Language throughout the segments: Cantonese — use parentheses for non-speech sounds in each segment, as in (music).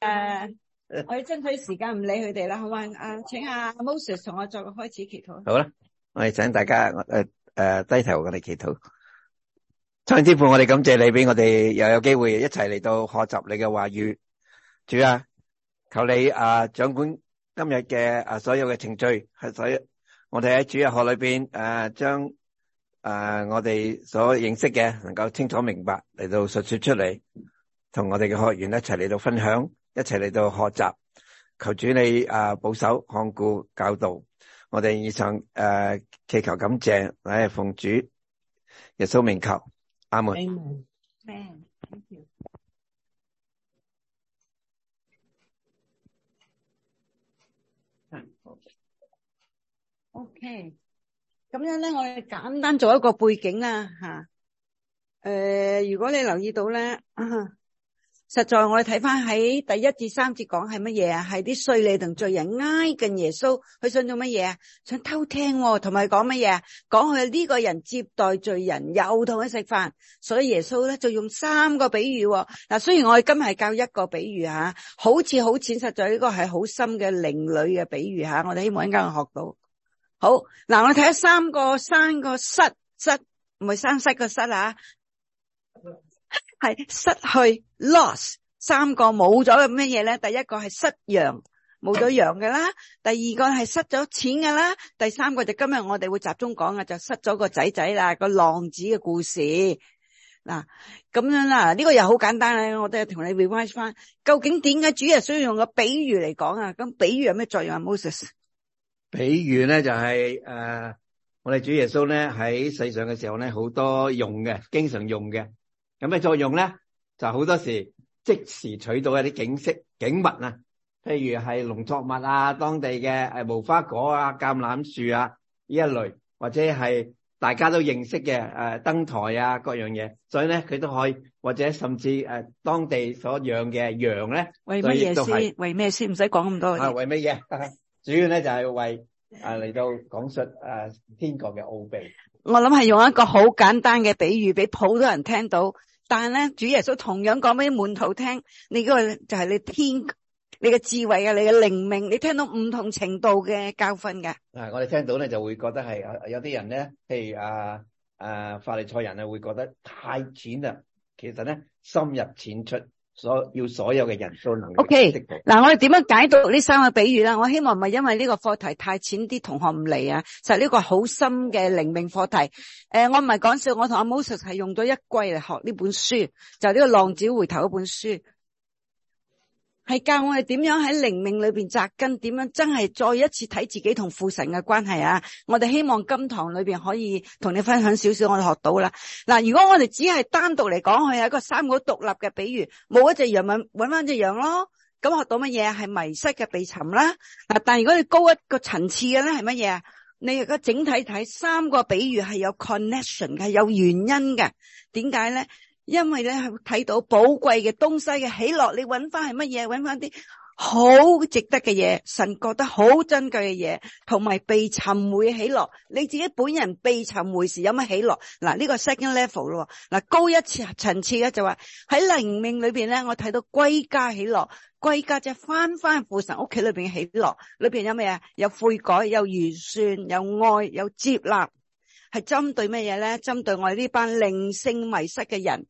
誒、uh,，我哋爭取時間，唔理佢哋啦，好嘛？啊、uh,，請阿 Moses 同我作個開始祈禱。好啦，我哋請大家誒誒、呃呃、低頭我哋祈禱。蔡天父，我哋感謝你俾我哋又有機會一齊嚟到學習你嘅話語。主啊，求你啊、呃、掌管今日嘅啊所有嘅程序，係所有我哋喺主日學裏邊誒將誒我哋所認識嘅能夠清楚明白嚟到述說出嚟，同我哋嘅學員一齊嚟到分享。一齊嚟到學習，求主你啊保守、看顧、教導，我哋以上誒祈求感謝，嚟奉主耶穌名求，阿門。Amen. Thank you. 好。OK。咁樣咧，我哋簡單做一個背景啦吓。誒，如果你留意到咧。實在我哋睇翻喺第一至三節，講係乜嘢啊？係啲稅吏同罪人挨近耶穌，佢想做乜嘢啊？想偷聽喎，同埋講乜嘢啊？講佢呢個人接待罪人，又同佢食飯，所以耶穌咧就用三個比喻。嗱，雖然我哋今日係教一個比喻吓，好似好淺，實在呢個係好深嘅另類嘅比喻吓。我哋希望一間嘅學到好。嗱，我哋睇下三個三個失失唔係生失嘅失啊！係失去，loss，三個冇咗嘅咩嘢咧？第一個係失羊，冇咗羊嘅啦；第二個係失咗錢嘅啦；第三個就今日我哋會集中講啊，就失咗個仔仔啦，個浪子嘅故事。嗱，咁樣啦，呢個又好簡單咧，我都係同你 review 翻，究竟點解主耶穌要用個比喻嚟講啊？咁比喻有咩作用啊？摩西，比喻咧就係誒，我哋主耶穌咧喺世上嘅時候咧，好多用嘅，經常用嘅。有咩作用咧？就好多時即時取到一啲景色景物啊，譬如係農作物啊、當地嘅誒無花果啊、橄欖樹啊呢一類，或者係大家都認識嘅誒燈台啊各樣嘢。所以咧，佢都可以或者甚至誒當地所養嘅羊咧，為乜嘢先？為咩先？唔使講咁多。係為乜嘢？主要咧就係為誒嚟到講述誒天國嘅奧秘。我諗係用一個好簡單嘅比喻，俾普通人聽到。但係咧，主耶穌同樣講俾門徒聽，就是、你呢個就係你天，你嘅智慧啊，你嘅靈命，你聽到唔同程度嘅教訓㗎。我哋聽到咧就會覺得係有啲人咧，譬如啊啊法利賽人啊，啊人會覺得太淺啦。其實咧，深入淺出。所要所有嘅人都能。OK，嗱，我哋點樣解讀呢三個比喻咧？我希望唔係因為呢個課題太淺啲，同學唔嚟啊，就係呢個好深嘅靈命課題。誒、呃，我唔係講笑，我同阿 Moses 係用咗一季嚟學呢本書，就係、是、呢個浪子回頭的一本書。係教我哋點樣喺靈命裏邊扎根，點樣真係再一次睇自己同父神嘅關係啊！我哋希望今堂裏邊可以同你分享少少我哋學到啦。嗱，如果我哋只係單獨嚟講，佢係一個三個獨立嘅比喻，冇一隻羊咪搵翻隻羊咯。咁學到乜嘢？係迷失嘅避尋啦。嗱，但係如果你高一個層次嘅咧，係乜嘢？你如果整體睇三個比喻係有 connection 嘅，係有原因嘅。點解咧？因為咧係睇到寶貴嘅東西嘅喜樂，你揾翻係乜嘢？揾翻啲好值得嘅嘢，神覺得好珍貴嘅嘢，同埋被尋回嘅喜樂。你自己本人被尋回時有乜喜樂？嗱、這個，呢個 second level 咯，嗱高一次層次咧就話喺靈命裏邊咧，我睇到歸家喜樂，歸家即係翻翻父神屋企裏邊嘅喜樂，裏邊有咩啊？有悔改，有饒恕，有愛，有接納，係針對乜嘢咧？針對我哋呢班靈性迷失嘅人。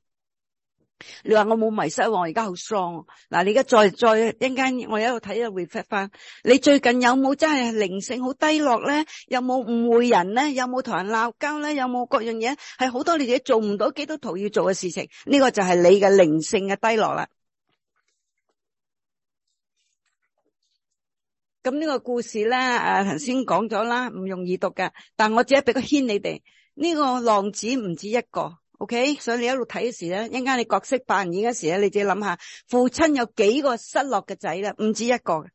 你話我冇迷失喎，而家好 s 嗱，你而家再再一陣間，我一度睇啊 r e f 翻。你最近有冇真係靈性好低落咧？有冇誤會人咧？有冇同人鬧交咧？有冇各樣嘢係好多你自己做唔到基多徒要做嘅事情？呢、這個就係你嘅靈性嘅低落啦。咁呢個故事咧，阿陳先講咗啦，唔容易讀噶。但我只係俾個圈你哋，呢、這個浪子唔止一個。O K，所以你一路睇嘅時咧，一陣間你角色扮演嘅時咧，你自己諗下，父親有幾個失落嘅仔啦？唔止一個㗎。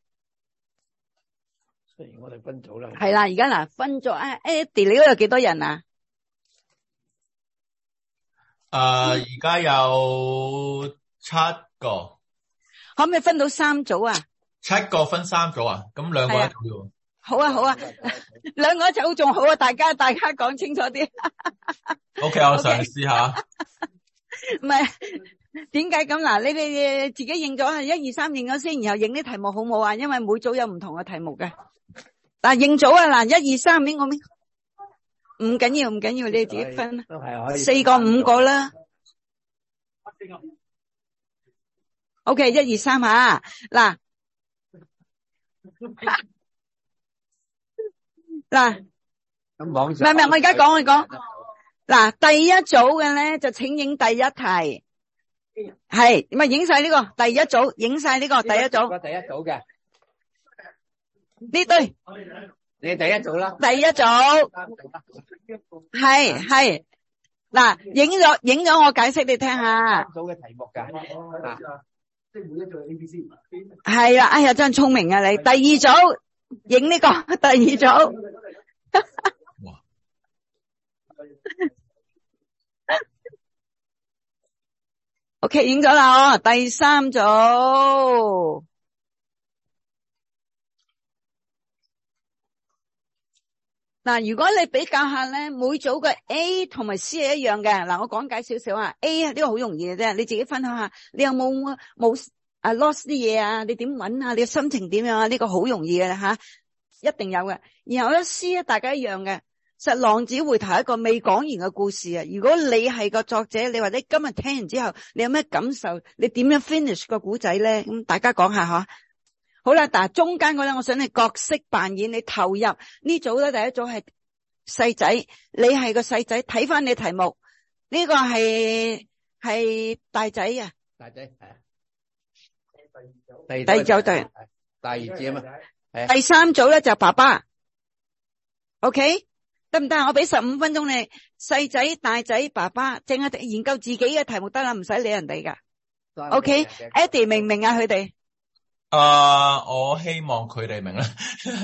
雖然我哋分組啦，係啦，而家嗱分咗，哎，Eddie，你嗰度幾多人啊？啊，而家有七個，可唔可以分到三組啊？七個分三組啊？咁兩個人一組。好啊好啊，兩個一組仲好啊，大家大家講清楚啲。O K，我嘗試下。唔係，點解咁？嗱，你哋自己認咗，一二三認咗先，然後認啲題目好唔好啊？因為每組有唔同嘅題目嘅。嗱，認咗啊，嗱，一二三呢個咩？唔緊要，唔緊要，你哋自己分啦。都係可以。四個五個啦。O K，一二三啊，嗱。嗱，唔係唔係，我而家講，我而講。嗱，第一組嘅咧就請影第一題，係咪影晒呢個？第一組影晒呢個？第一組。第一組嘅呢對，你第一組啦。第一組，係係嗱，影咗影咗，我解釋你聽下。組嘅題目噶，啊，即係每一組嘅 A、B、C。係啦，哎呀，真聰明啊你。第二組。影呢個第二組， (laughs) 哇 (laughs) ，OK，影咗啦，第三組嗱，nah, 如果你比較下咧，每組嘅 A 同埋 C 係一樣嘅嗱，nah, 我講解少少啊，A 呢個好容易嘅啫，你自己分享下你有冇冇？冇啊，loss 啲嘢啊，你點揾啊？你嘅心情點樣啊？呢個好容易嘅吓，一定有嘅。然後咧詩咧，大家一樣嘅。實浪子回頭一個未講完嘅故事啊。如果你係個作者，你或者今日聽完之後，你有咩感受？你點樣 finish 個古仔咧？咁大家講下吓。好啦，但係中間嗰咧，我想你角色扮演，你投入呢組咧。第一組係細仔，你係個細仔，睇返你題目，呢個係係大仔啊。大仔係啊。第組第第二組啊、就、嘛，第三組咧就是爸爸。OK，得唔得？我俾十五分鐘你細仔、大仔、爸爸淨係研究自己嘅題目得啦，唔使理人哋噶。OK，Eddie、okay? okay? 明唔明啊？佢哋？啊，我希望佢哋明啦。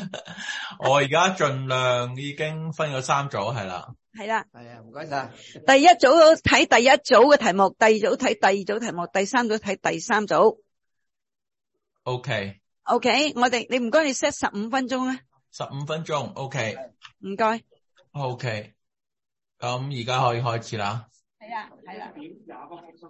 (laughs) 我而家盡量已經分咗三組係啦，係啦，係 (laughs) 啊，唔該晒。第一組睇第一組嘅題目，第二組睇第二組題目，第三組睇第三組。O K，O K，我哋你唔該你 set 十五分鐘啊，十五分鐘，O K，唔該，O K，咁而家可以開始啦。係啊，係啦。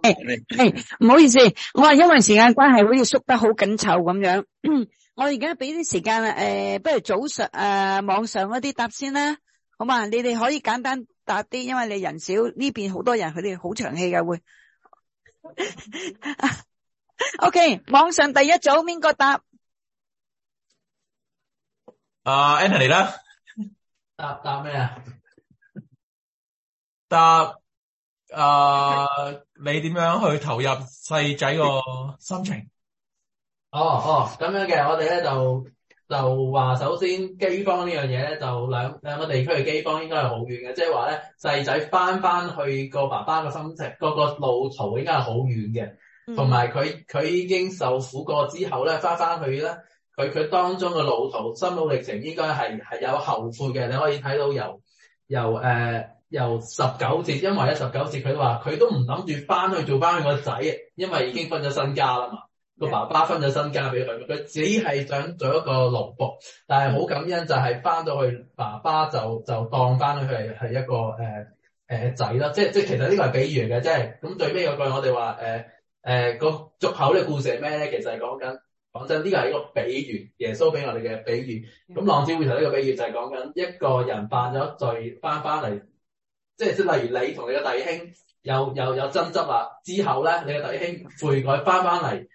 誒，誒，唔好意思，我話，因為時間關係，好似縮得好緊湊咁樣。嗯，我而家俾啲時間誒，不如早上誒網上嗰啲答先啦，好嘛？你哋可以簡單答啲，因為你人少呢邊好多人，佢哋好長氣嘅會。O、okay, K，網上第一組，邊個答？啊，Annie 嚟啦，答答咩啊？答，誒，uh, okay. 你點樣去投入細仔個心情？哦哦，咁樣嘅，我哋咧就就話，首先饑荒呢樣嘢咧，就兩兩個地區嘅饑荒應該係好遠嘅，即係話咧細仔返返去個爸爸嘅心情，個個路途應該係好遠嘅。同埋佢佢已經受苦過之後咧，翻翻去咧，佢佢當中嘅路途心路歷程應該係係有後悔嘅。你可以睇到由由誒、呃、由十九節，因為喺十九節佢都話佢都唔諗住翻去做翻佢個仔，因為已經分咗身家啦嘛，個爸爸分咗身家俾佢，佢只係想做一個奴僕，但係好感恩就係翻到去爸爸就就當翻佢係一個誒誒仔啦，即即其實呢個係比喻嘅，即係咁最尾嗰句我哋話誒。呃誒、呃，個俗口嘅故事係咩咧？其實係講緊，講真呢個係一個比喻，耶穌俾我哋嘅比喻。咁、嗯、浪子回頭呢個比喻就係講緊一個人犯咗罪翻翻嚟，即係即係例如你同你嘅弟兄又又有，有，有爭執啦，之後咧你嘅弟兄悔改翻翻嚟，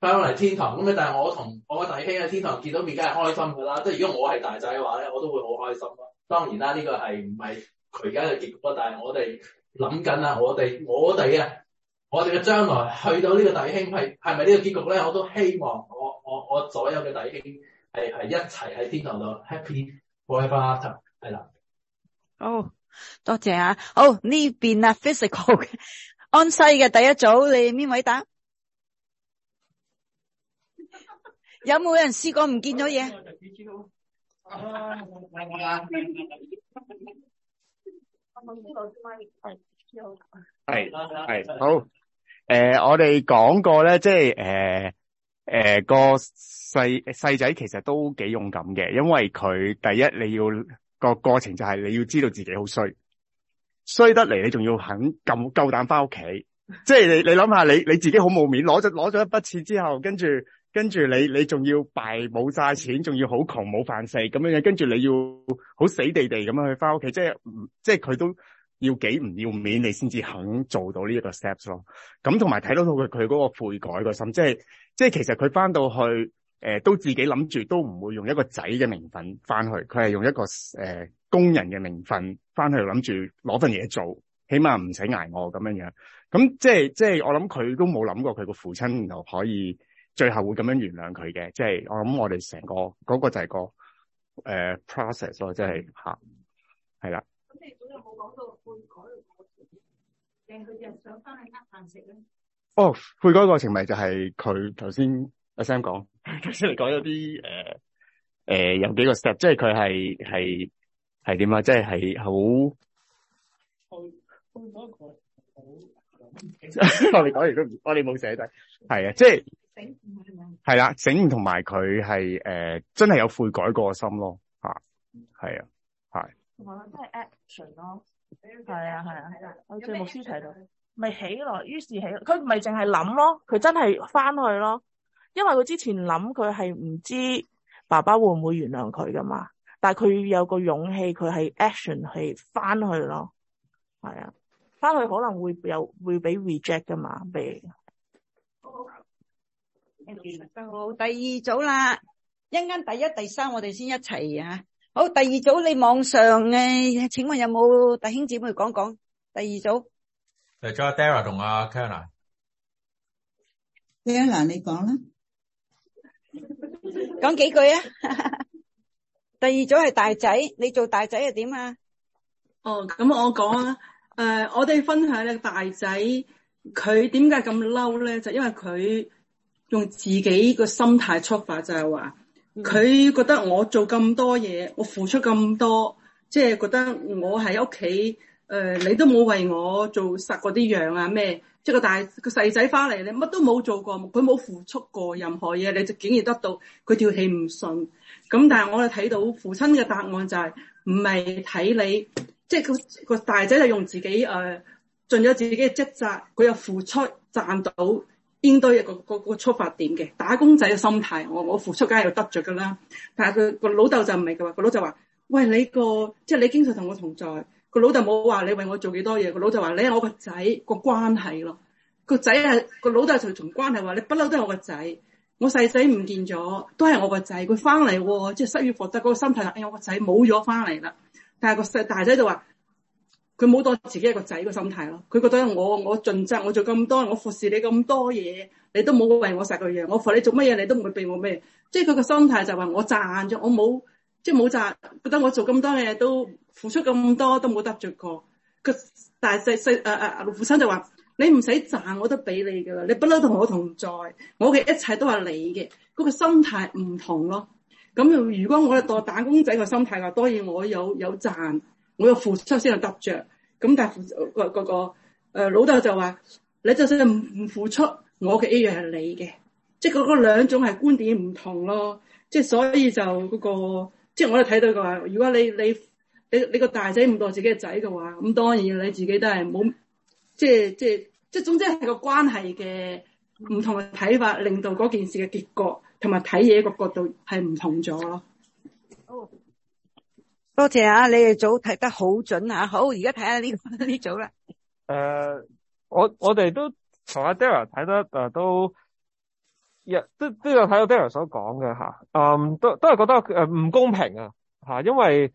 翻翻嚟天堂咁咧，但係我同我嘅弟兄喺天堂見到面梗係開心噶啦，即係如果我係大仔嘅話咧，我都會好開心咯。當然啦，呢、這個係唔係佢而家嘅結局，但係我哋諗緊啦，我哋我哋啊。我哋嘅將來去到呢個弟兄係係咪呢個結局咧？我都希望我我我所有嘅弟兄係係一齊喺天堂度 happy，forever after 係啦。好，oh，多謝啊！好，呢邊啊，physical 嘅安西嘅第一組，你邊位打？有冇人試過唔見咗嘢？係 (laughs) 係 (laughs) (laughs) 好。誒、呃，我哋講過咧，即係誒誒個細細仔其實都幾勇敢嘅，因為佢第一你要個過程就係你要知道自己好衰，衰得嚟你仲要肯咁夠膽翻屋企，即係你你諗下你你自己好冇面，攞咗攞咗一筆錢之後，跟住跟住你你仲要敗冇晒錢，仲要好窮冇飯食咁樣，跟住你要好死地地咁樣去翻屋企，即係即係佢都。要幾唔要面，你先至肯做到呢一個 steps 咯。咁同埋睇到到佢佢嗰個悔改個心，即係即係其實佢翻到去誒、呃，都自己諗住都唔會用一個仔嘅名份翻去，佢係用一個誒、呃、工人嘅名份翻去諗住攞份嘢做，起碼唔使挨我咁樣樣。咁即係即係我諗佢都冇諗過佢個父親然後可以最後會咁樣原諒佢嘅。即係我諗我哋成個嗰、那個就係個誒、呃、process 咯，即係吓係啦。即係冇講到悔改過程，佢想翻去呃飯食咧？哦，悔改過程咪就係佢頭先阿 Sam 講，頭先你講咗啲誒誒，有幾個 step，即係佢係係係點啊？即係係好去去改，好。 (laughs) (laughs) (laughs) 我哋講完都唔，我哋冇寫底，係啊，即係係啦，整唔同埋佢係誒，真係有悔改過嘅心咯，吓係啊，係。即咯，係啊係啊，我最無私睇到，咪起咯，於是起，佢咪淨係諗咯，佢真係翻去咯，因為佢之前諗佢係唔知爸爸會唔會原諒佢噶嘛，但係佢有個勇氣，佢係 action 係翻去咯，係啊，翻去可能會有會俾 reject 噶嘛，俾。好好嗯、第二組啦，一間第一、第三，我哋先一齊啊。好，第二組你網上嘅，請問有冇弟兄姊妹講講？第二組誒，Joanna 同阿 Kenna，Kenna 你講啦，講幾句啊？第二組係大仔，你做大仔又點啊？哦，咁我講啊，誒，我哋分享咧，大仔佢點解咁嬲？咧，就因為佢用自己個心態出發，就係話。佢覺得我做咁多嘢，我付出咁多，即係覺得我喺屋企誒，你都冇為我做殺過啲羊啊咩？即係個大個細仔翻嚟，你乜都冇做過，佢冇付出過任何嘢，你就竟然得到佢條氣唔順。咁但係我哋睇到父親嘅答案就係唔係睇你，即係個個大仔就用自己誒盡咗自己嘅職責，佢又付出賺到。應該一個個個，個，個出發點嘅，打工仔嘅心態，我我付出梗係有得着噶啦但係佢個老豆就唔係噶，個老豆話：喂，你個即係你經常同我同在，個老豆冇話你為我做幾多嘢，個老豆話你係我個仔個關係咯。個仔係個老豆就從關係話，你不嬲都係我個仔。我細仔唔見咗，都係我個仔，佢翻嚟，即係失於獲得嗰個心態啦。哎，我個仔冇咗翻嚟啦。但係個細大仔就話。佢冇當自己一個仔嘅心態咯，佢覺得我我盡責，我做咁多，我服侍你咁多嘢，你都冇為我殺個羊。我服你做乜嘢，你都唔會俾我咩？即係佢個心態就話我賺咗，我冇即係冇賺，覺得我做咁多嘢都付出咁多都冇得着過。佢大係細細誒誒老父親就話：你唔使賺我都俾你噶啦，你不嬲同我，我同在，我嘅一切都係你嘅。嗰個心態唔同咯。咁如果我係當打工仔個心態話，當然我有有賺，我有付出先有得着。」咁但係個個老豆就話：你就算唔唔付出我，我嘅一樣係你嘅，即係嗰個兩種係觀點唔同咯。即係所以就嗰個，即係我哋睇到嘅話，如果你你你你個大仔唔當自己嘅仔嘅話，咁當然你自己都係冇，即係即係即係總之係個關係嘅唔同嘅睇法，令到嗰件事嘅結局同埋睇嘢個角度係唔同咗咯。多謝啊！你哋組睇得好準吓，好，而家睇下呢個呢組啦。誒、呃，我我哋都同阿 Dara 睇得誒，都亦都都有睇到 Dara 所講嘅吓。嗯，都都係覺得誒唔公平啊吓，因為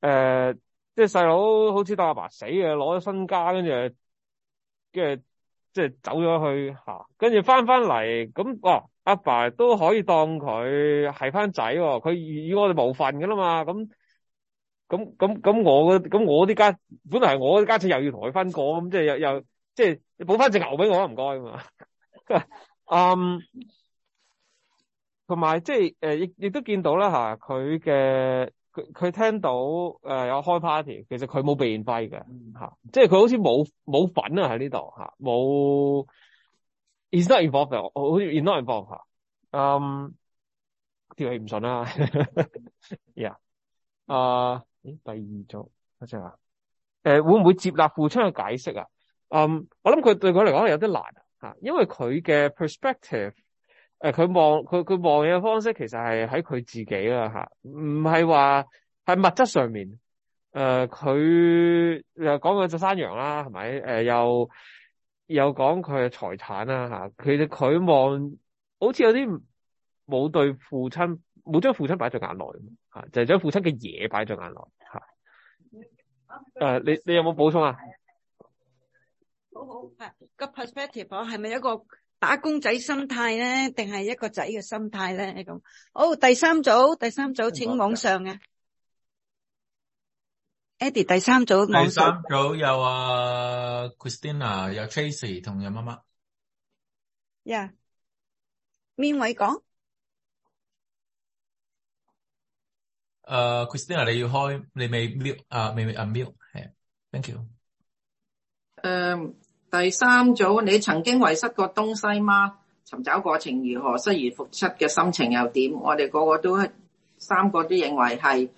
誒即係細佬好似當阿爸死嘅，攞咗身家跟住，跟住即係走咗去吓，跟住翻翻嚟咁，哇、嗯，阿、哦、爸都可以當佢係翻仔，佢與我哋無份噶啦嘛，咁、嗯。咁咁咁我咁我啲家本來係我啲家姐又要同佢分過，咁即係又又即係你補翻隻牛俾我啊唔該啊嘛。嗯，同埋即係誒亦亦都見到啦，吓佢嘅佢佢聽到誒、呃、有開 party 其實佢冇被 invite 嘅吓，即係佢好似冇冇份啊喺呢、啊、度吓冇，is not involved 好似 not involved 吓，嗯，條氣唔順啊 yeah 啊 (laughs) 咦，第二組，阿鄭啊，誒，會唔會接納父親嘅解釋啊？嗯、um,，我諗佢對佢嚟講有啲難吓，因為佢嘅 perspective，誒，佢望佢佢望嘢嘅方式，其實係喺佢自己啦吓，唔係話係物質上面。誒、呃，佢又講佢隻山羊啦，係咪？誒，又又講佢嘅財產啦吓，其實佢望好似有啲冇對父親。冇將父親擺在眼內，吓就係、是、將父親嘅嘢擺在眼內，吓。誒、uh,，你你有冇補充啊？好好，係個 perspective 啊，係咪一個打工仔心態咧，定係一個仔嘅心態咧？咁好，第三組，第三組，請網上嘅，Eddie，第三組網上。第三組有啊，Christina，有 Chasey 同有媽媽呀，yeah. 邊位講。誒，Christina，你要開，你未 mute？誒，未未誒 mute？係，thank you。誒，第三組，你曾經遺失過東西嗎？尋找過程如何？失而復出嘅心情又點？我哋個個都三個都認為係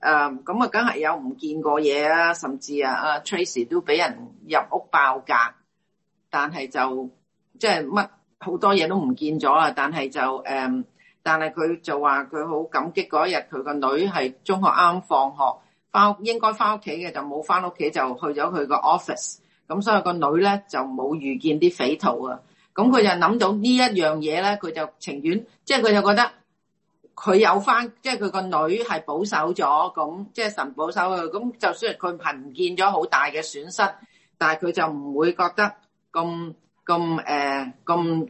誒，咁啊，梗係有唔見過嘢啊，甚至啊，阿 Tracy 都俾人入屋爆格，但係就即係乜好多嘢都唔見咗啊，但係就誒。但係佢就話佢好感激嗰一日佢個女係中學啱啱放學翻屋，應該翻屋企嘅，就冇翻屋企，就去咗佢個 office，咁所以個女咧就冇遇見啲匪徒啊。咁佢就諗到呢一樣嘢咧，佢就情願，即係佢就覺得佢有翻，即係佢個女係保守咗，咁即係神保守佢，咁就算佢係唔見咗好大嘅損失，但係佢就唔會覺得咁咁誒咁。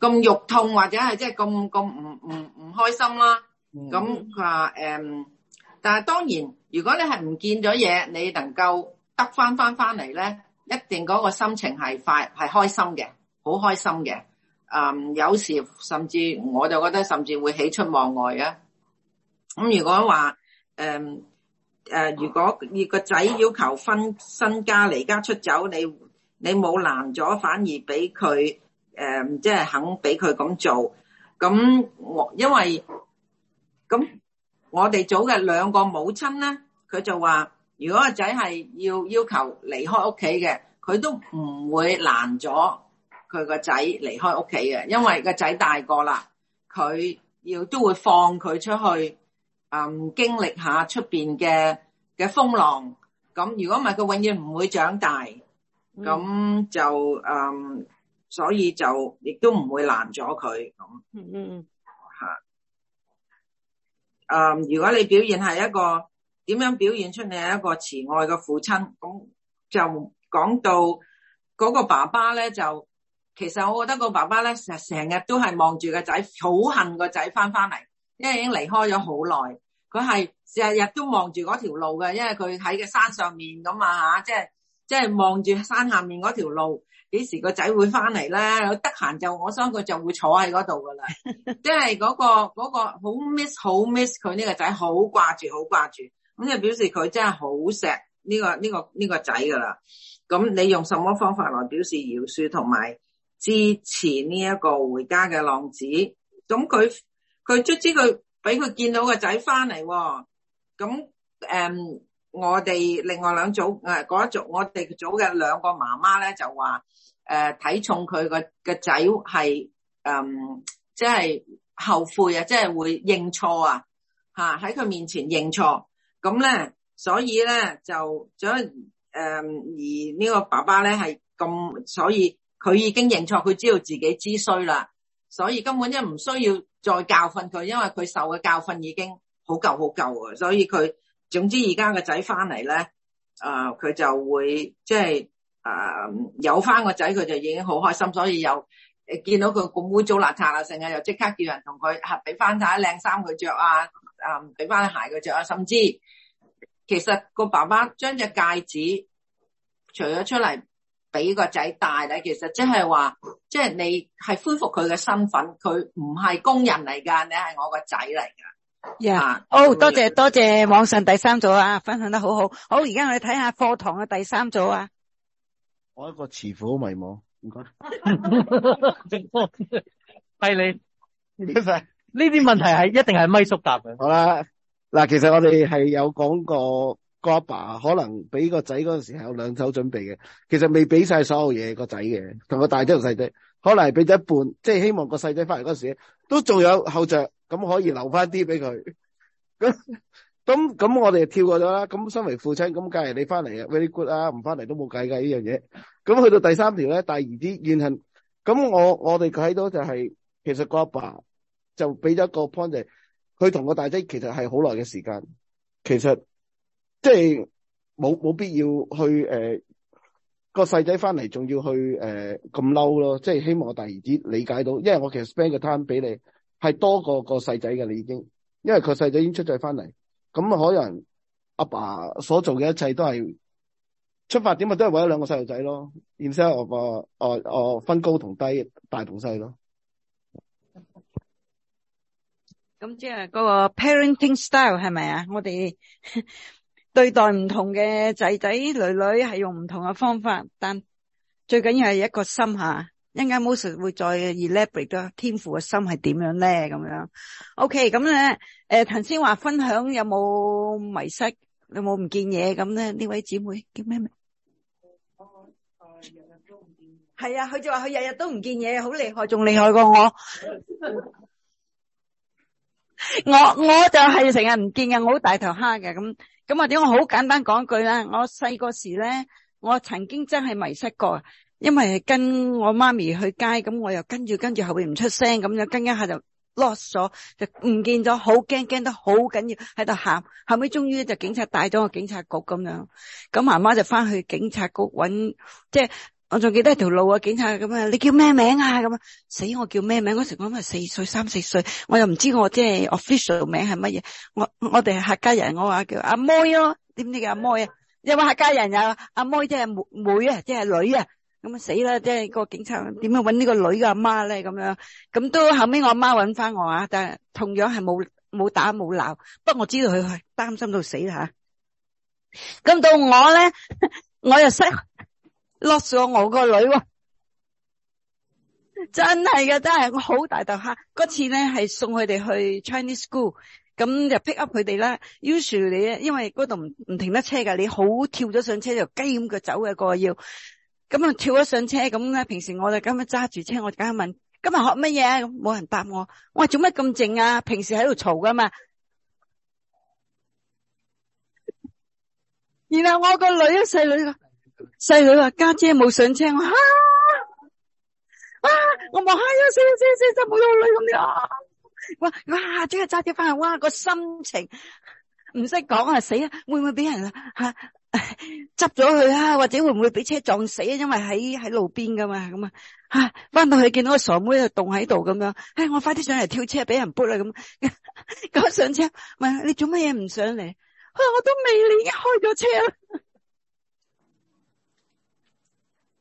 咁肉痛或者係即係咁咁唔唔唔開心啦。咁佢話誒，但係當然，如果你係唔見咗嘢，你能夠得翻翻翻嚟咧，一定嗰個心情係快係開心嘅，好開心嘅。誒，有時甚至我就覺得甚至會喜出望外啊。咁如果話誒誒，如果你個仔要求分身家離家出走，你你冇攔咗，反而俾佢。誒，唔即係肯俾佢咁做，咁我因為咁我哋組嘅兩個母親咧，佢就話：如果個仔係要要求離開屋企嘅，佢都唔會攔咗佢個仔離開屋企嘅，因為個仔大個啦，佢要都會放佢出去，嗯，經歷下出邊嘅嘅風浪。咁如果唔係，佢永遠唔會長大。咁就嗯。所以就亦都唔會攔咗佢，咁，嗯嗯吓。誒，如果你表現係一個點樣表現出你係一個慈愛嘅父親咁，就講到嗰個爸爸咧，就其實我覺得個爸爸咧成成日都係望住個仔，好恨個仔翻翻嚟，因為已經離開咗好耐。佢係成日日都望住嗰條路嘅，因為佢喺嘅山上面咁啊吓，即係即係望住山下面嗰條路。幾時個仔會翻嚟咧？有得閒就我相信佢就會坐喺嗰度噶啦， (laughs) 即係嗰個嗰個好 miss 好 miss 佢呢個仔，好掛住好掛住。咁就表示佢真係好錫呢個呢個呢個仔噶啦。咁你用什麼方法來表示饒恕同埋支持呢一個回家嘅浪子？咁佢佢卒之佢俾佢見到個仔翻嚟，咁嗯。我哋另外兩組誒，嗰一組我哋組嘅兩個媽媽咧就話誒，睇、呃、重佢個個仔係誒，即係、呃就是、後悔啊，即、就、係、是、會認錯啊，吓喺佢面前認錯。咁咧，所以咧就咁誒、呃，而呢個爸爸咧係咁，所以佢已經認錯，佢知道自己知衰啦，所以根本就唔需要再教訓佢，因為佢受嘅教訓已經好夠好夠啊，所以佢。總之而家個仔翻嚟咧，啊、呃、佢就會即係啊、呃、有翻個仔佢就已經好開心，所以又見到佢咁污糟邋遢啊，成日又即刻叫人同佢啊俾翻下靚衫佢着啊，給他啊俾翻、嗯、鞋佢着啊，甚至其實個爸爸將隻戒指除咗出嚟俾個仔戴咧，其實即係話即係你係恢復佢嘅身份，佢唔係工人嚟噶，你係我個仔嚟噶。呀，好，多謝多謝網上第三組啊，分享得好好。好，而家我哋睇下課堂嘅第三組啊。我一個慈父好迷惘，唔該。係 (laughs) (laughs) 你，呢啲呢啲問題係 (laughs) 一定係咪叔答嘅？好啦，嗱，其實我哋係有講過，個阿爸，爸可能俾個仔嗰陣時候有兩手準備嘅，其實未俾晒所有嘢個仔嘅，同個大仔、個細仔。可能係俾咗一半，即係希望個細仔翻嚟嗰時都仲有後著，咁可以留翻啲俾佢。咁咁咁，我哋就跳過咗啦。咁身為父親，咁假如你翻嚟啊，very good 啊，唔翻嚟都冇計噶呢樣嘢。咁去到第三條咧，大兒子怨恨。咁我我哋睇到就係，其實個阿爸就俾咗一個 point，就佢同個大仔其實係好耐嘅時間，其實即係冇冇必要去誒。呃個細仔翻嚟仲要去誒咁嬲咯，即係希望我大兒子理解到，因為我其實 spend 嘅 time 俾你係多過個細仔嘅，你已經，因為佢細仔已經出咗去翻嚟，咁可能阿爸，爸所做嘅一切都係出發點啊，都係為咗兩個細路仔咯 instead 我個、uh, 哦、uh, 哦、uh, 分高同低大同細咯，咁即係嗰個 parenting style 係咪啊？我哋。 (laughs) 對待唔同嘅仔仔女女係用唔同嘅方法，但最緊要係一個心吓。一陣間 muscle 會再 relate 到天父嘅心係點樣咧？咁樣。OK，咁咧，誒，頭先話分享有冇迷失？有冇唔見嘢咁咧？呢位姊妹叫咩名？日日都唔見嘢？係啊，佢就話佢日日都唔見嘢，好厲害，仲厲害過我。我我就係成日唔見嘅，我好大頭蝦嘅咁。咁啊點？我好簡單講句啦，我細個時咧，我曾經真係迷失過，因為跟我媽咪去街，咁我又跟住跟住後邊唔出聲咁樣，跟，跟一下就 lost 咗，就唔見咗，好驚，驚得好緊要，喺度喊，後尾終於就警察帶咗我警察局咁樣，咁媽媽就翻去警察局搵，即係。我仲記得係條路啊，警察咁啊，你叫咩名啊？咁啊，死我叫咩名？嗰時我咪四歲，三四歲，我又唔知我即係 official 名係乜嘢。我我哋係客家人，我話叫阿妹咯，點知叫阿妹啊？因為客家人有阿妹即係妹啊，即係女啊。咁啊死啦，即係個警察點樣搵呢個女嘅阿媽咧？咁樣咁都後尾我阿媽搵翻我啊，但係同樣係冇冇打冇鬧。不過我知道佢係擔心到死吓。咁到我咧，我又識。落咗我個女，真係㗎，真係我好大度吓。嗰次咧係送佢哋去 Chinese school，咁就 pick up 佢哋啦。Usually 咧，因為嗰度唔唔停得車噶，你好跳咗上車就雞咁腳走嘅個要，咁啊跳咗上車咁咧。平時我哋咁樣揸住車，我哋梗係問今日學乜嘢，咁冇人答我。我話做乜咁靜啊？平時喺度嘈噶嘛。然後我個女啊細女細女話家姐冇上車，我吓啊！我冇嗨啊！死死死，真係冇用女咁樣。哇哇，即係揸車翻去，哇個心情唔識講啊！死啊！會唔會俾人吓執咗佢啊？或者會唔會俾車撞死啊？因為喺喺路邊噶嘛咁啊！吓翻到去見到個傻妹啊凍喺度咁樣，哎我快啲上嚟跳車，俾人 push 啦咁咁上車。喂，你做乜嘢唔上嚟？佢話我都未，你已經開咗車啦。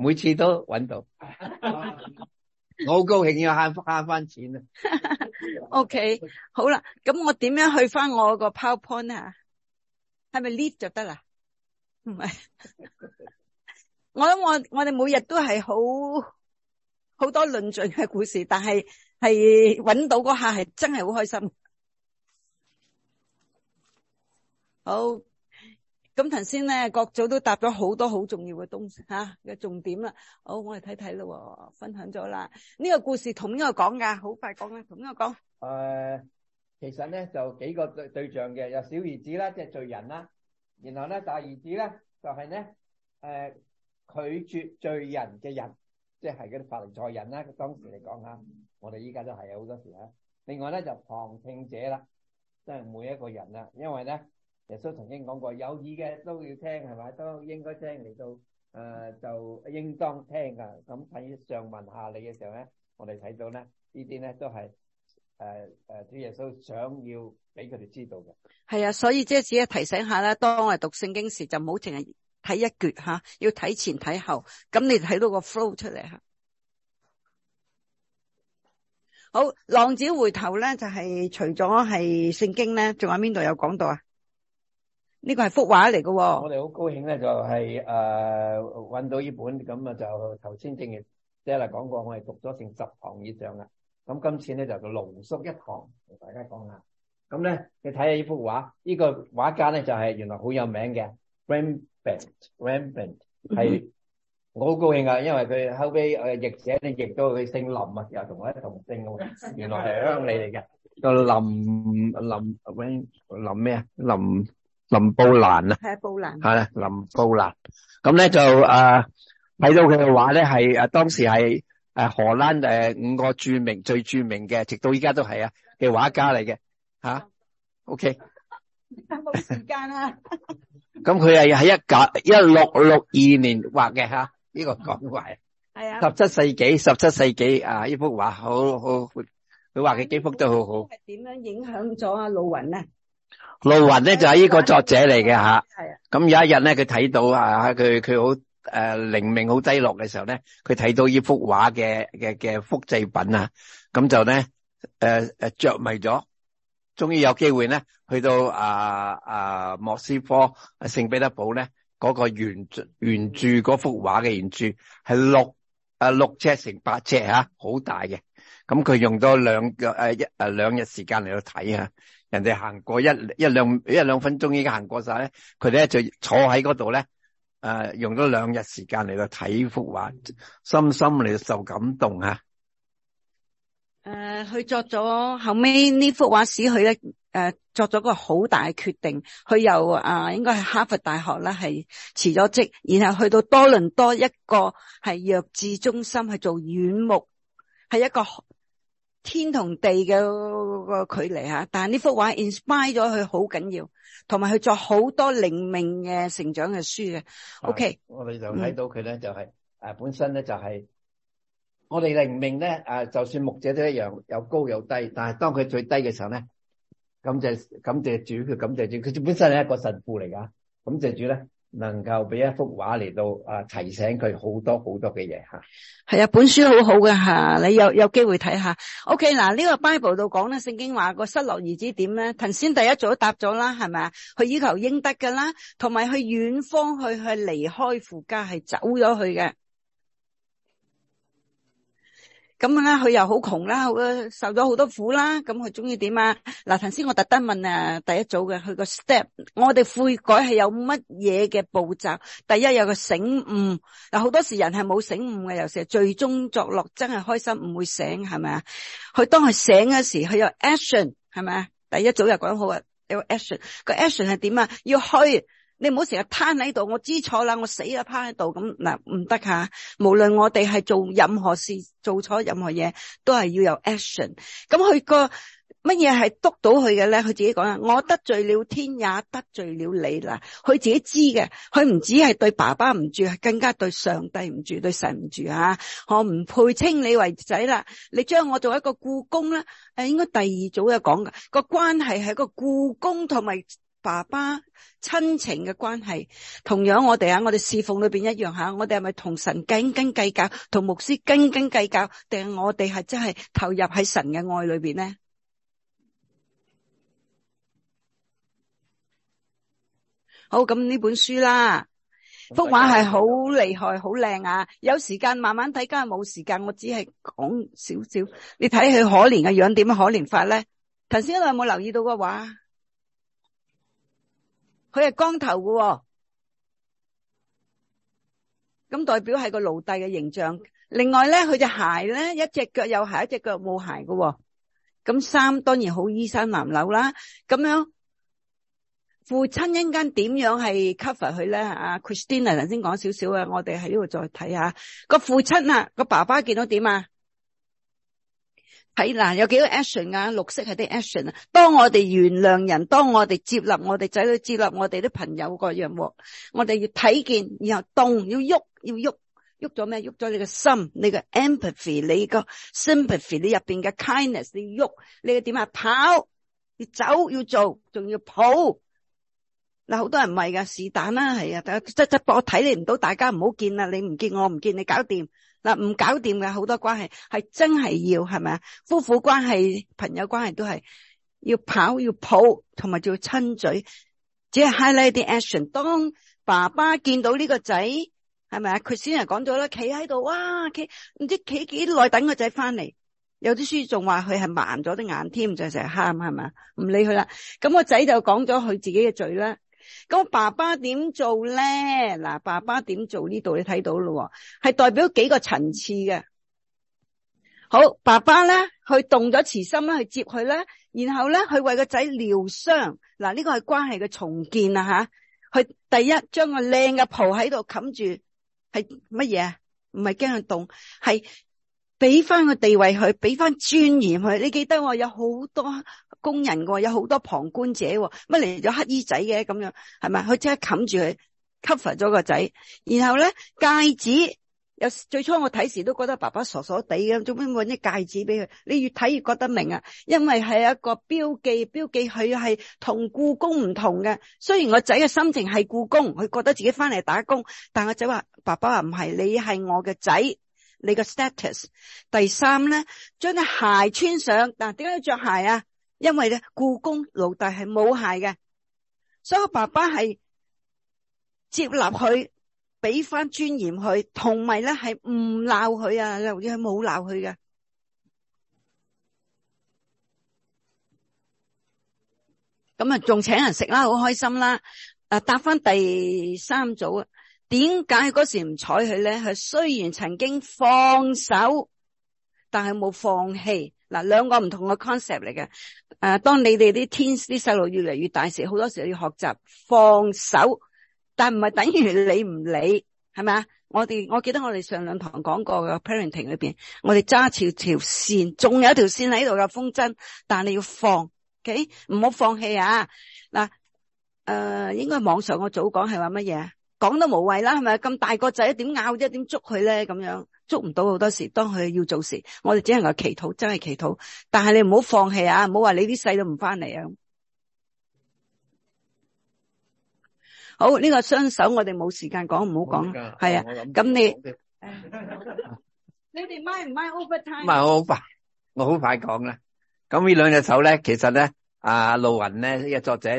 每次都揾到， (laughs) 我好高興要慳慳翻錢啦。 (laughs) o、okay, K，好啦，咁我點樣去翻我個 PowerPoint 啊？係咪 lift 就得啦？唔係 (laughs) ，我諗我我哋每日都係好好多論盡嘅故事，但係係揾到嗰下係真係好開心。好。咁頭先咧，各組都答咗好多好重要嘅東西吓嘅重點啦。好，我哋睇睇咯。分享咗啦，呢個故事同邊個講噶？好快講啦，同邊個講。誒，其實咧就幾個對對象嘅，有小兒子啦，即係罪人啦。然後咧，大兒子咧就係咧誒拒絕罪人嘅人，即係嗰啲法利賽人啦。當時嚟講吓，我哋依家都係有好多時啊。另外咧就旁聽者啦，即係每一個人啦，因為咧。耶穌曾經講過，有意嘅都要聽，係咪都應該聽嚟，到誒、呃，就應當聽噶。咁喺上文下理嘅時候咧，我哋睇到咧呢啲咧都係誒誒，主、呃、耶穌想要俾佢哋知道嘅。係啊，所以即係只係提醒下咧，當我哋讀聖經時，就唔好淨係睇一橛、吓、啊，要睇前睇後，咁你睇到個 flow 出嚟吓。好浪子回頭咧，就係、是、除咗係聖經咧，仲有邊度有講到啊？呢個係幅畫嚟噶，我哋好高興咧，就係誒搵到呢本咁啊，就頭先正月 Jenna 講過，我係讀咗成十堂以上噶。咁今次咧就叫濃縮一堂同大家講下。咁咧你睇下呢幅畫，呢個畫家咧就係原來好有名嘅 Rembrandt。Rembrandt 係我好高興啊，因為佢後尾我譯者咧譯到佢姓林啊，又同我同姓嘅，原來係鄉里嚟嘅個林林 Rem 林咩啊林。林布蘭啊，係布蘭，係、啊、林布蘭。咁咧就誒，睇、呃、到佢嘅畫咧，係誒當時係誒荷蘭誒五個著名最著名嘅，直到依家都係啊嘅畫家嚟嘅吓。OK，冇時間啦。咁佢係喺一九一六六二年畫嘅吓，呢個講話係啊，十七世紀，十七世紀啊，呢、啊、幅畫好好，佢畫嘅幾幅都好好。點樣影響咗阿盧雲咧？盧雲呢就係呢個作者嚟嘅吓，咁有一日呢佢睇到、呃到，呃到呃、啊，佢佢好誒，靈命好低落嘅時候呢，佢睇到呢幅畫嘅嘅嘅複製品啊，咁就呢誒誒着迷咗，終於有機會呢去到啊啊莫斯科聖彼得堡呢嗰、那個原原著嗰幅畫嘅原著係六誒六尺乘八尺吓，好、啊、大嘅，咁佢用咗兩日誒一誒兩日時間嚟到睇啊。人哋行過一一兩一兩分鐘已經行過晒咧，佢哋就坐喺嗰度咧，誒、呃、用咗兩日時間嚟到睇幅畫，深深嚟受感動啊！誒、呃，佢作咗後尾呢幅畫使佢咧，誒、呃、作咗個好大嘅決定，佢又啊應該係哈佛大學啦，係辭咗職，然後去到多倫多一個係弱智中心，去做院牧，係一個。天同地嘅個距離吓，但係呢幅畫 inspire 咗佢好緊要，同埋佢作好多靈命嘅成長嘅書嘅。OK，我哋就睇到佢咧就係誒，本身咧就係我哋靈命咧誒，就算牧者都一樣，有高有低，但係當佢最低嘅時候咧，感謝感謝主，佢感謝主，佢本身係一個神父嚟噶，感謝主咧。能夠俾一幅畫嚟到啊，提醒佢好多好多嘅嘢吓，係啊，本書好好噶吓，你有有機會睇下。OK，嗱呢個《Bible》度講咧，聖經話個失落兒子點咧？藤先第一早答咗啦，係咪啊？佢要求應得噶啦，同埋去遠方去去離開父家係走咗去嘅。咁呢，佢又好窮啦，受咗好多苦啦，咁佢中意點啊？嗱，頭先我特登問啊，第一組嘅佢個 step，我哋悔改係有乜嘢嘅步驟？第一有個醒悟，好多時人係冇醒悟嘅，尤其係最終作樂真係開心唔會醒，係咪啊？佢當佢醒嘅時，佢有 action，係咪啊？第一組又講好啊，有 action，個 action 係點啊？要去。你唔好成日癱喺度，我知錯啦，我死啦，趴喺度咁嗱，唔得吓。無論我哋係做任何事，做錯任何嘢，都係要有 action。咁佢、個乜嘢係督到佢嘅咧？佢自己講啦，我得罪了天也，也得罪了你啦。佢自己知嘅，佢唔止係對爸爸唔住，更加對上帝唔住，對神唔住吓、啊，我唔配稱你為仔啦。你將我做一個僱工啦。誒，應該第二組嘅講嘅個關係係個僱工同埋。爸爸親情嘅關係，同樣我哋啊，我哋侍奉裏邊一樣吓，我哋係咪同神斤斤計較，同牧師斤斤計較，定係我哋係真係投入喺神嘅愛裏邊呢？好，咁呢本書啦，嗯、幅畫係好厲害，好、嗯、靚啊！有時間慢慢睇，梗係冇時間，我只係講少少。你睇佢可憐嘅樣，點樣可憐法呢？頭先你有冇留意到個畫？佢係光頭嘅、哦，咁代表係個奴隸嘅形象。另外咧，佢隻鞋咧，一隻腳有鞋，一隻腳冇鞋嘅、哦。咁衫當然好衣衫襤褸啦。咁樣，父親應間點樣係 cover 佢咧？啊，Christina 頭先講少少啊，我哋喺呢度再睇下個父親啊，個爸爸見到點啊？睇嗱，有幾個 action 啊？綠色係啲 action 啊！當我哋原諒人，當我哋接納我哋仔女，接納我哋啲朋友嗰樣喎。我哋要睇見，然後動，要喐，要喐，喐咗咩？喐咗你嘅心，你嘅 empathy，你個 sympathy，你入邊嘅 kindness，你喐，你要點啊？跑，要走，要做，仲要抱。嗱，好多人唔係噶，是但啦，係啊，即即我睇你唔到，大家唔好見啊，你唔見我唔見你搞，搞掂。嗱、啊，唔搞掂嘅好多關係係真係要係咪啊？夫婦關係、朋友關係都係要跑、要抱，同埋要親嘴，只係 highlight 啲 action。當爸爸見到呢個仔係咪啊？佢先係講咗啦，企喺度，哇，企唔知企幾耐等個仔翻嚟。有啲書仲話佢係盲咗啲眼添，就成日喊係咪啊？唔理佢啦，咁個仔就講咗佢自己嘅罪啦。咁爸爸點做咧？嗱，爸爸點做呢度？你睇到咯，係代表幾個層次嘅。好，爸爸咧去動咗慈心啦，去接佢咧，然後咧去為個仔療傷。嗱，呢個係關係嘅重建啊吓。佢第一將個靚嘅袍喺度冚住，係乜嘢？唔係驚佢凍，係。俾翻個地位佢，俾翻尊嚴佢。你記得我有好多工人喎、哦，有好多旁觀者、哦，乜嚟咗乞衣仔嘅咁樣，係咪？佢即刻冚住佢，cover 咗個仔。然後咧戒指，有最初我睇時都覺得爸爸傻傻地咁，做咩搵啲戒指俾佢？你越睇越覺得明啊，因為係一個標記，標記佢係同僱工唔同嘅。雖然我仔嘅心情係僱工，佢覺得自己翻嚟打工，但我仔話爸爸話唔係，你係我嘅仔。你個 status，第三咧，將啲鞋穿上。嗱，點解要着鞋啊？因為咧，故宮奴隸係冇鞋嘅，所以我爸爸係接納佢，俾翻尊嚴佢，同埋咧係唔鬧佢啊，又或者係冇鬧佢嘅。咁啊，仲請人食啦，好開心啦。誒，答翻第三組啊。點解嗰時唔睬佢咧？佢雖然曾經放手，但係冇放棄。嗱，兩個唔同嘅 concept 嚟嘅。誒，當你哋啲天啲細路越嚟越大時，好多時候要學習放手，但唔係等於你唔理，係咪啊？我哋我記得我哋上兩堂講過嘅 parenting 裏邊，我哋揸住條線，仲有一條線喺度嘅風箏，但你要放，OK，唔好放棄啊！嗱，誒，應該網上我早講係話乜嘢？講都無謂啦，係咪咁大一個仔，點咬啫？點捉佢咧？咁樣捉唔到好多時。當佢要做事，我哋只能夠祈禱，真係祈禱。但係你唔好放棄啊！唔好話你啲細都唔翻嚟啊！好呢、呢個雙手，我哋冇時間講，唔好講。係啊，咁你 (laughs) (laughs) 你哋咪唔咪 overtime？唔係我好快，我好快講啦。咁呢兩隻手咧，其實咧，阿、啊、路云咧，呢、呢個作者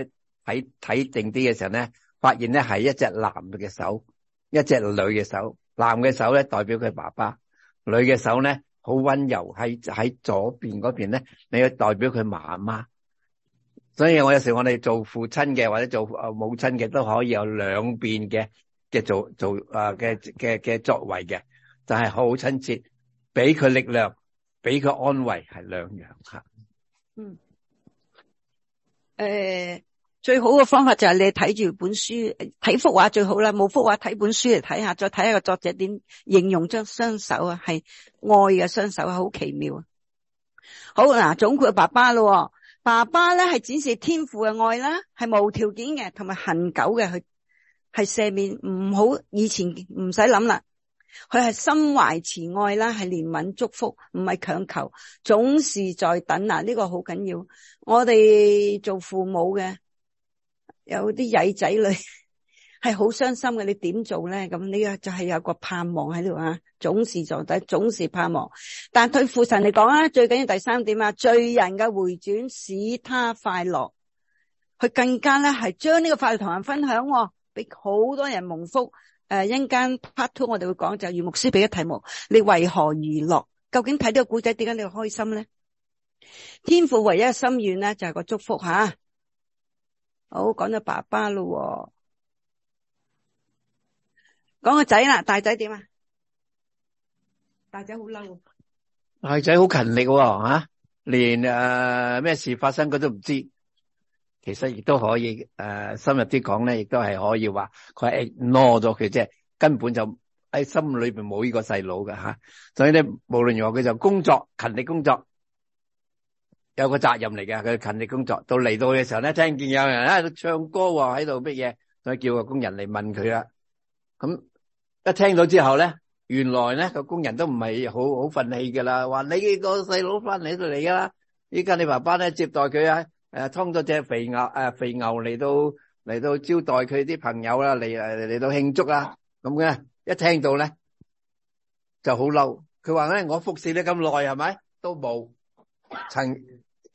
睇睇定啲嘅時候咧。發現咧係一隻男嘅手，一隻女嘅手。男嘅手咧代表佢爸爸，女嘅手咧好溫柔，喺喺左邊嗰邊咧，你要代表佢媽媽。所以我有時我哋做父親嘅或者做誒母親嘅都可以有兩邊嘅嘅做做誒嘅嘅嘅作為嘅，就係、是、好親切，俾佢力量，俾佢安慰，係兩樣嘅。嗯，誒。最好嘅方法就係你睇住本書，睇幅畫最好啦。冇幅畫睇本書嚟睇下，再睇下個作者點形容張雙手啊，係愛嘅雙手，好奇妙啊。好嗱，總括爸爸咯，爸爸咧係展示天父嘅愛啦，係無條件嘅，同埋恆久嘅，佢係赦免，唔好以前唔使諗啦。佢係心懷慈愛啦，係憐憫祝福，唔係強求，總是在等嗱。呢、這個好緊要，我哋做父母嘅。有啲曳仔女係好傷心嘅，你點做咧？咁呢個就係有個盼望喺度啊，總是做底，總是盼望。但對父神嚟講啊，最緊要第三點啊，罪人嘅回轉使他快樂，佢更加咧係將呢個快樂同人分享，俾好多人蒙福。誒、呃，一陣間 part two 我哋會講就係牧師俾嘅題目，你為何娛樂？究竟睇呢個古仔點解你會開心咧？天父唯一嘅心願咧就係個祝福吓。好講咗爸爸咯，講個仔啦，大仔點啊？大仔好嬲，大仔好勤力吓，連誒咩事發生佢都唔知。其實亦都可以誒、呃，深入啲講咧，亦都係可以話佢係 ignore 咗佢，即係根本就喺心裏邊冇呢個細佬㗎。吓、啊。所以咧，無論如何，佢就工作勤力工作，有個責任嚟嘅，佢勤力工作。到嚟到嘅時候咧，聽見有人喺度唱歌喎，喺度乜嘢，所以叫個工人嚟問佢啦。咁一聽到之後咧，原來咧個工人都唔係好好憤氣嘅啦。話你個細佬翻嚟度嚟啦，依家你爸爸咧接待佢啊。誒，通咗隻肥牛誒，肥牛嚟到嚟到招待佢啲朋友啦，嚟嚟嚟到慶祝啊咁嘅。一聽到咧就好嬲，佢話咧我服侍你咁耐係咪都冇曾。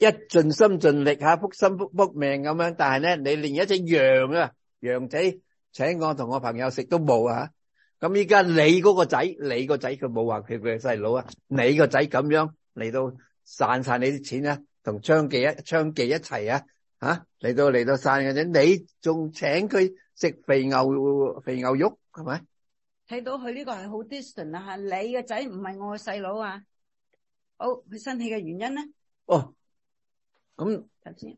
一盡心盡力吓，撲心撲撲命咁樣，但係咧，你連一隻羊啊，羊仔請我同我朋友食都冇啊！咁依家你嗰個仔，你個仔佢冇話佢嘅細佬啊，你個仔咁樣嚟到散散你啲錢咧，同娼妓一娼妓一齊啊，吓嚟到嚟到散嘅啫，你仲請佢食肥牛肥牛肉係咪？睇到佢呢個係好 distant 啊！你個仔唔係我嘅細佬啊！好，佢生氣嘅原因咧，哦。咁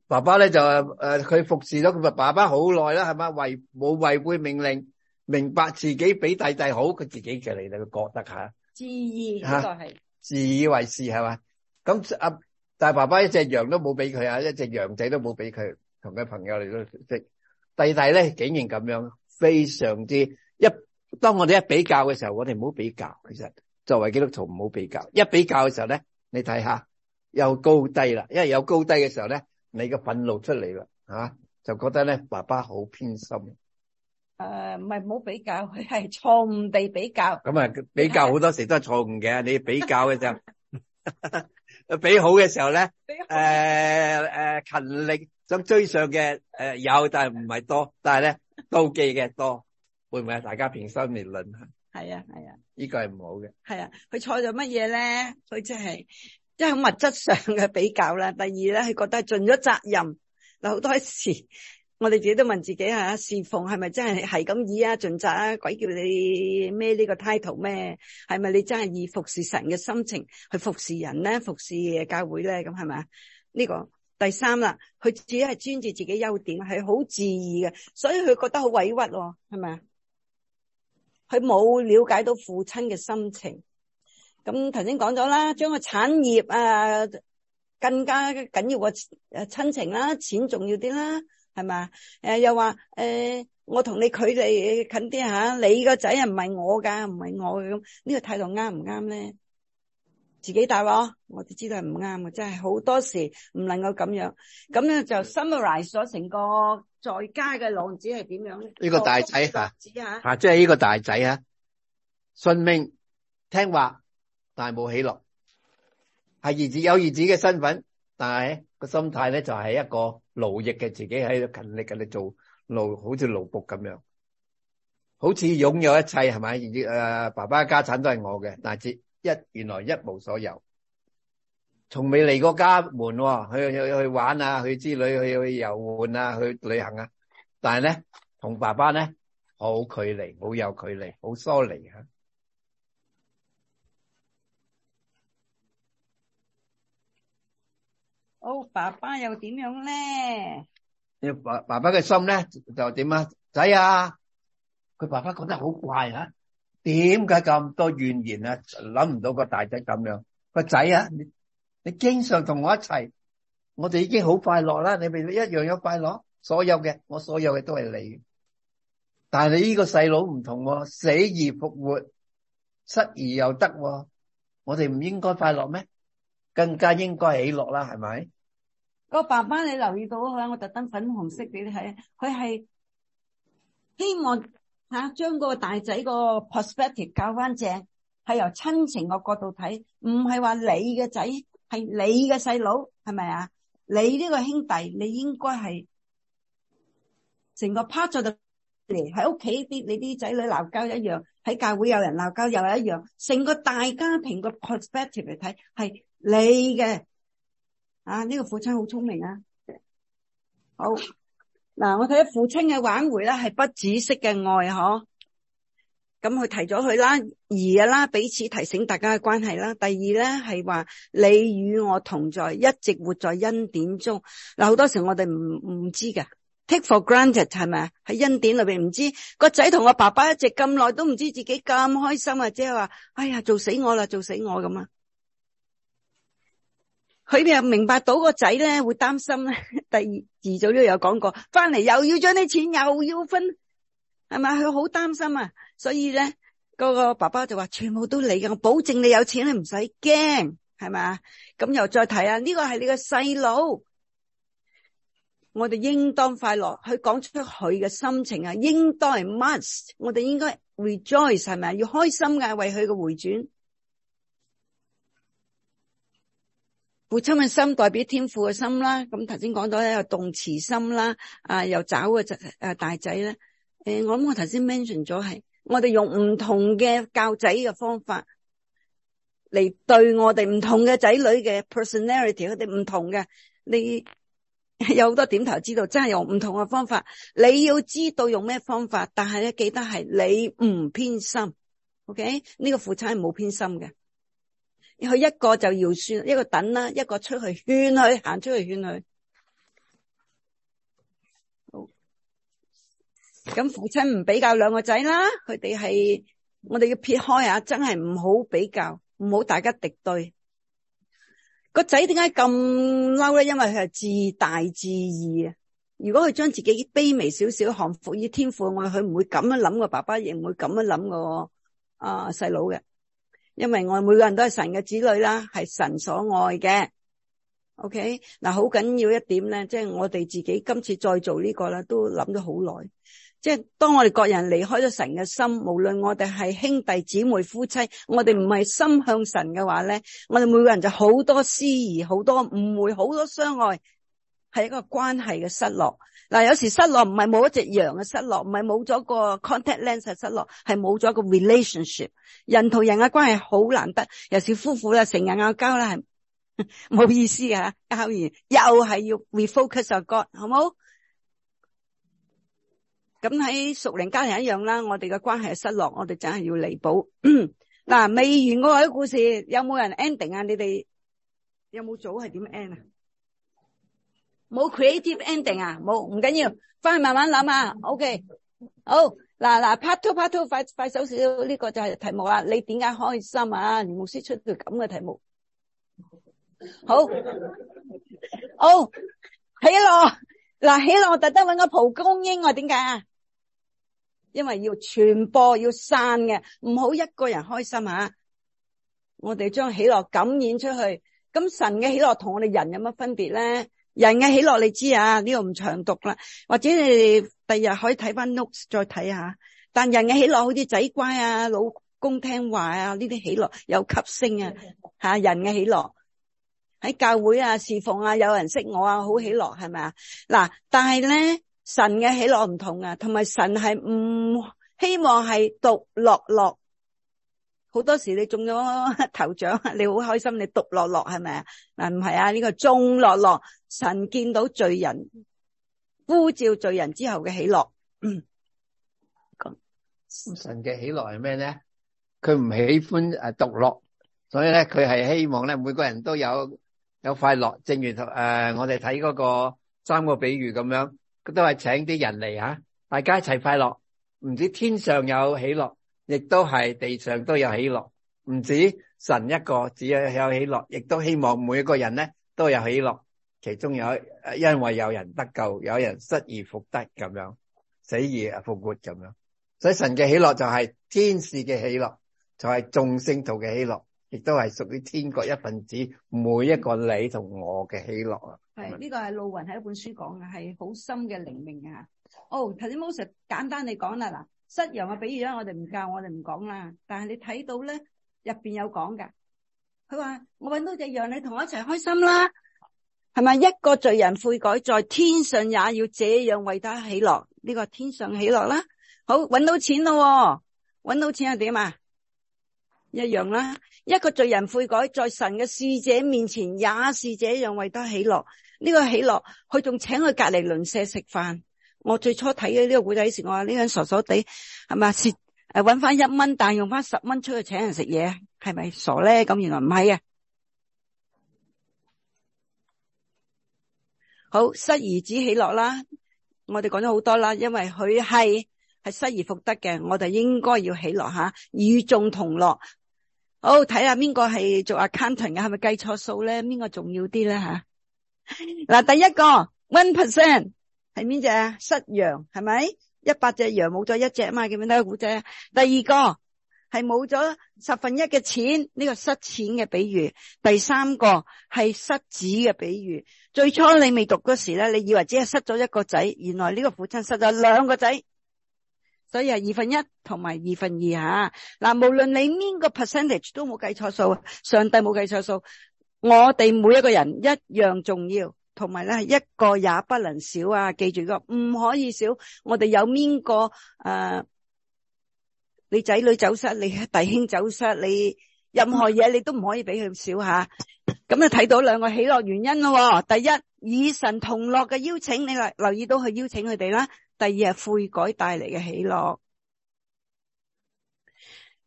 爸爸咧就誒，佢服侍咗佢爸爸好耐啦，係咪為冇違背命令，明白自己比弟弟好，佢自己嘅嚟嘅，佢覺得吓自意吓係自以為是係嘛？咁阿但係爸爸一隻羊都冇俾佢啊，一隻羊仔都冇俾佢，同佢朋友嚟都識弟弟咧，竟然咁樣，非常之一。當我哋一比較嘅時候，我哋唔好比較。其實作為基督徒唔好比較。一比較嘅時候咧，你睇下。有高低啦，因為有高低嘅時候咧，你個憤怒出嚟啦，吓就覺得咧爸爸好偏心。誒，唔係冇比較，佢係錯誤地比較。咁啊，比較好多時都係錯誤嘅，你比較嘅時候，比好嘅時候咧，誒誒勤力想追上嘅誒有，但係唔係多，但係咧妒忌嘅多，會唔會啊？大家平心而論吓。係啊係啊，呢個係唔好嘅。係啊，佢錯咗乜嘢咧？佢即係。即係物質上嘅比較啦，第二咧，佢覺得盡咗責任嗱，好多時我哋自己都問自己，侍奉係咪真係係咁意啊，盡責啊，鬼叫你孭呢個 title 咩？係咪你真係以服侍神嘅心情去服侍人咧，服侍教會咧？咁係咪啊？呢個第三啦，佢自己係專注自己優點，係好自意嘅，所以佢覺得好委屈喎，係咪啊？佢冇了解到父親嘅心情。咁頭先講咗啦，將個產業啊更加緊要個誒親情啦，錢重要啲啦，係咪？誒又話誒、欸，我同你距離近啲吓，你、這個仔啊唔係我噶，唔係我咁，呢個態度啱唔啱咧？自己大鑊，我都知道係唔啱嘅，真係好多時唔能夠咁樣。咁咧就 summarize 咗成個在家嘅浪子係點樣呢？呢、這個大仔吓，吓、啊啊、即係呢個大仔啊，順命聽話。但係冇喜樂，係兒子有兒子嘅身份，但係個心態咧就係、是、一個勞役嘅，自己喺度勤力嘅嚟做勞，好似勞僕咁樣，好似擁有一切係咪？誒，爸爸家產都係我嘅，但係一原來一無所有，從未嚟過家門，去去去玩啊，去之旅，去去遊玩啊，去旅行啊，但係咧同爸爸咧好距離，好有距離，好疏離啊。好，爸爸又點樣咧？你爸爸嘅心咧就點啊？仔啊，佢爸爸覺得好怪啊，點解咁多怨言啊？諗唔到個大仔咁樣，個仔啊，你經常同我一齊，我哋已經好快樂啦。你咪一樣有快樂，所有嘅我所有嘅都係你。但係你呢個細佬唔同喎，死而復活，失而又得，我哋唔應該快樂咩？更加應該喜樂啦，係咪？我爸爸，你留意到啊？我特登粉紅色俾你睇，佢係希望吓將、啊、個大仔個 perspective 校翻正，係由親情個角度睇，唔係話你嘅仔係你嘅細佬，係咪啊？你呢個兄弟，你應該係成個 part 咗度嚟喺屋企啲，你啲仔女鬧交一樣，喺教會有人鬧交又係一樣，成個大家庭個 perspective 嚟睇，係你嘅。啊！呢、這個父親好聰明啊，好嗱、啊，我睇下父親嘅挽回咧係不止息嘅愛嗬，咁、啊、佢提咗佢啦，兒啊啦，彼此提醒大家嘅關係啦。第二咧係話你與我同在，一直活在恩典中嗱。好、啊、多時候我哋唔唔知嘅，take for granted 係咪喺恩典裏邊唔知道個仔同我爸爸一直咁耐都唔知自己咁開心啊，即係話哎呀做死我啦，做死我咁啊！佢又明白到個仔咧會擔心咧，第二二早都有講過，翻嚟又要將啲錢又要分，係咪？佢好擔心啊，所以咧，個、嗰個爸爸就話全部都嚟嘅，我保證你有錢，你唔使驚，係咪啊？咁又再提啊，呢、呢個係你個細佬，我哋應當快樂。佢講出佢嘅心情啊，應當係 must，我哋應該 rejoice，係咪？要開心嘅為佢嘅回轉。父親嘅心代表天父嘅心啦，咁頭先講到咧，有動慈心啦，啊又找個大仔咧，誒我諗我頭先 mention 咗係，我哋用唔同嘅教仔嘅方法嚟對我哋唔同嘅仔女嘅 personality，佢哋唔同嘅，你有好多點頭知道，真係用唔同嘅方法，你要知道用咩方法，但係咧記得係你唔偏心，OK？呢個父親係冇偏心嘅。佢一個就要算，一個等啦，一個出去勸佢，行出去勸佢。好，咁父親唔比較兩個仔啦，佢哋係我哋要撇開啊，真係唔好比較，唔好大家敵對。個仔點解咁嬲咧？因為佢係自大自義啊！如果佢將自己卑微少少，降服於天父嘅話，佢唔會咁樣諗。個爸爸亦唔會咁樣諗個啊細佬嘅。弟弟因為我哋每個人都係神嘅子女啦，係神所愛嘅，OK？嗱，好緊要一點咧，即係我哋自己今次再做呢個啦，都諗咗好耐。即係當我哋各人離開咗神嘅心，無論我哋係兄弟姊妹、夫妻，我哋唔係心向神嘅話咧，我哋每個人就好多私意、好多誤會、好多傷害。係一個關係嘅失落，嗱、啊、有時失落唔係冇一隻羊嘅失落，唔係冇咗個 contact lens 嘅失落，係冇咗個 relationship，人同人嘅關係好難得，尤其是夫婦啦，成日嗌交，啦係冇 (laughs) 意思嘅吓，嗌完又係要 refocus on God，好冇？咁喺熟齡家庭一樣啦，我哋嘅關係嘅失落，我哋真係要彌補。嗱、 (coughs) 啊、未完我喺故事，有冇人 ending 啊？你哋有冇組係點 end 啊？冇 creative ending 啊，冇唔緊要，翻去慢慢諗啊。OK，好嗱，嗱 part two part two，快快手少少呢個就係題目啦。你點解開心啊？你冇先出條咁嘅題目。好哦，喜樂，嗱，喜樂，我特登揾個蒲公英啊，點解啊？因爲要傳播，要散嘅，唔好一個人開心吓。我哋將喜樂感染出去。咁神嘅喜樂同我哋人有乜分別咧？人嘅喜樂你知啊，呢個唔長讀啦，或者你哋第日可以睇翻 notes 再睇下。但人嘅喜樂好似仔乖啊、老公聽話啊呢啲喜樂有吸聲啊，吓、啊、人嘅喜樂喺教會啊侍奉啊，有人識我啊，好喜樂係咪啊？嗱，但係咧神嘅喜樂唔同啊，同埋神係唔希望係獨樂樂。好多時你中咗頭獎，你好開心，你獨樂樂係咪啊？嗱，唔係啊，呢、呢個眾樂樂。神見到罪人呼召罪人之後嘅喜樂， (coughs) 神嘅喜樂係咩咧？佢唔喜歡誒獨樂，所以咧佢係希望咧每個人都有有快樂。正如誒、呃、我哋睇嗰個三個比喻咁樣，佢都係請啲人嚟吓，大家一齊快樂。唔止天上有喜樂，亦都係地上都有喜樂。唔止神一個只有有喜樂，亦都希望每個人咧都有喜樂。其中有，因為有人得救，有人失而復得，咁樣死而復活，咁樣，所以神嘅喜樂就係天使嘅喜樂，就係眾聖徒嘅喜樂，亦都係屬於天國一份子，每一個你同我嘅喜樂啊。係呢個係路雲喺一本書講嘅，係好深嘅靈命啊。哦，頭先摩西簡單嚟講啦，嗱，失羊嘅比喻咧，我哋唔教，我哋唔講啦。但係你睇到咧，入邊有講噶，佢話我搵到隻羊，你同我一齊開心啦。係咪一個罪人悔改，在天上也要這樣為他喜樂？呢個天上喜樂啦。好，揾到錢咯，哦，揾到錢係點啊？一樣啦。一個罪人悔改，在神嘅使者面前也是這樣為他喜樂。呢個喜樂，佢仲請佢隔離鄰舍食飯。我最初睇呢個古仔時，我話呢人傻傻地，係咪？是誒，揾翻一蚊，但係用翻十蚊出去請人食嘢，係咪傻咧？咁原來唔係啊。好，失而止喜樂啦，我哋講咗好多啦，因為佢係係失而復得嘅，我哋應該要喜樂吓，與眾同樂。好，睇下邊個係做 accountant 嘅，係咪計錯數咧？邊個重要啲咧吓？嗱、啊，第一個 one percent 係邊隻啊？失羊係咪？一百隻羊冇咗一隻啊嘛？叫邊個故仔啊？第二個。係冇咗十分一嘅錢，呢個失錢嘅比喻，第三個係失子嘅比喻。最初你未讀嗰時咧，你以為只係失咗一個仔，原來呢個父親失咗兩個仔，所以係二分一同埋二分二吓。嗱，無論你邊個 percentage 都冇計錯數，上帝冇計錯數，我哋每一個人一樣重要，同埋咧一個也不能少啊！記住個唔可以少，我哋有邊個誒？呃你仔女走失，你弟兄走失，你任何嘢，你都唔可以俾佢少吓。咁就睇到兩個喜樂原因咯。第一，與神同樂嘅邀請，你留留意到去邀請佢哋啦。第二係悔改帶嚟嘅喜樂。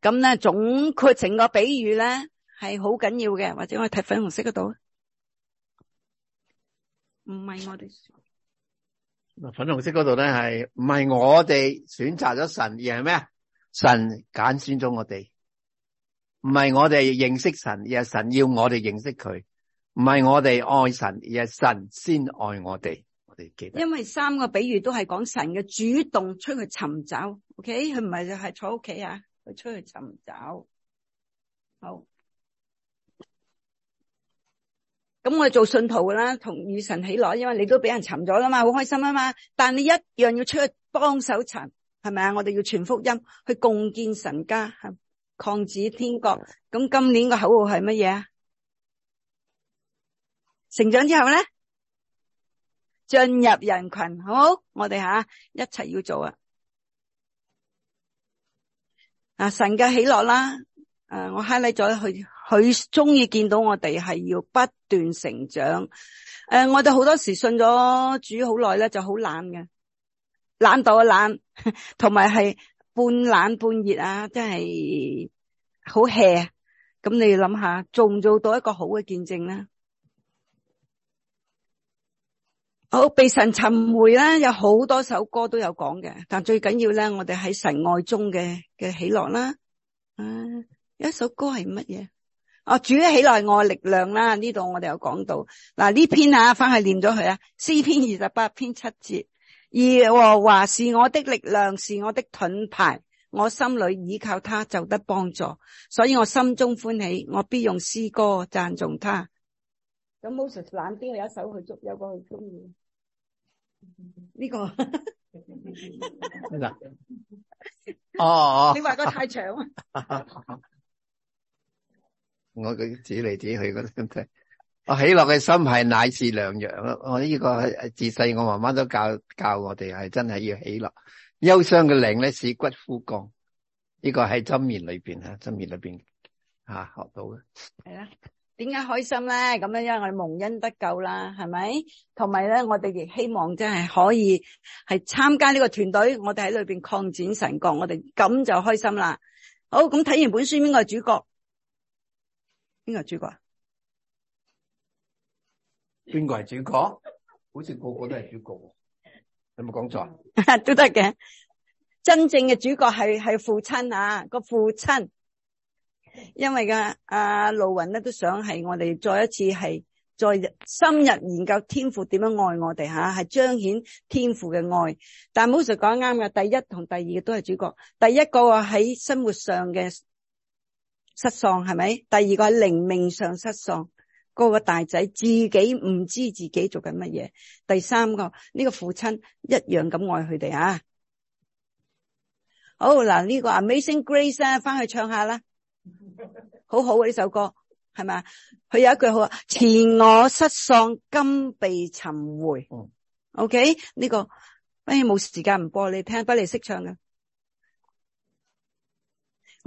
咁咧，總括成個比喻咧係好緊要嘅。或者我睇粉紅色嗰度，唔係我哋。嗱，粉紅色嗰度咧係唔係我哋選擇咗神而係咩啊？神揀選咗我哋，唔係我哋認識神，而係神要我哋認識佢；唔係我哋愛神，而係神先愛我哋。我哋記得，因為三個比喻都係講神嘅主動出去尋找，OK？佢唔係就係坐屋企啊，佢出去尋找。好，咁我哋做信徒啦，同與神起落，因為你都俾人尋咗啦嘛，好開心啊嘛。但你一樣要出去幫手尋。係咪啊？我哋要傳福音，去共建神家，擴展天國。咁今年個口號係乜嘢啊？成長之後咧，進入人群，好唔好？我哋吓一齊要做啊！啊，神嘅喜樂啦，誒，我哈利咗佢，佢中意見到我哋係要不斷成長。誒，我哋好多時信咗主好耐咧，就好懶嘅。懶到一懶，同埋係半懶半熱啊，真係好 hea。咁你諗下，做唔做到一個好嘅見證咧？好被神尋回咧，有好多首歌都有講嘅，但最緊要咧，我哋喺神愛中嘅嘅喜樂啦。啊，有一首歌係乜嘢？啊，主起來愛力量啦，呢度我哋有講到。嗱、啊，呢篇啊，翻去念咗佢啊，詩篇二十八篇七節。耶和華是我的力量，是我的盾牌，我心裏依靠他就得幫助，所以我心中歡喜，我必用詩歌讚頌他。咁，老師冷啲，有一首去中意，呢、這個，哦、 (laughs) (laughs) 啊，啊啊、 (laughs) 你話個太長啊？ (laughs) 我佢指嚟指去嗰得嘅。我喜樂嘅心係乃是良藥，我呢個自細，我媽媽都教教我哋係真係要喜樂，憂傷嘅靈咧，使骨枯乾。呢、這個喺箴言針裏邊啊，箴言裏邊吓學到嘅。係啦，點解開心咧？咁樣，因為我哋蒙恩得救啦，係咪？同埋咧，我哋亦希望真係可以係參加呢個團隊，我哋喺裏邊擴展神國，我哋咁就開心啦。好，咁睇完本書，邊個係主角？邊個係主角啊？邊個係主角？好似個個都係主角喎，有冇講錯？ (laughs) 都得嘅，真正嘅主角係係父親啊！個父親，因為嘅阿盧雲咧都想係我哋再一次係再深入研究天父點樣愛我哋吓、啊，係彰顯天父嘅愛。但係 Moses 講啱嘅，第一同第二都係主角。第一個喺生活上嘅失喪係咪？第二個喺靈命上失喪。個個大仔自己唔知自己做緊乜嘢。第三個呢、這個父親一樣咁愛佢哋，這個、啊。好嗱，呢個 Amazing Grace 咧，翻去唱一下啦。好好啊，呢首歌係咪啊？佢有一句好話： (music) 前我失喪，今被尋回。Oh. OK，呢、這個、哎、沒不如冇時間唔播你聽，不如識唱嘅。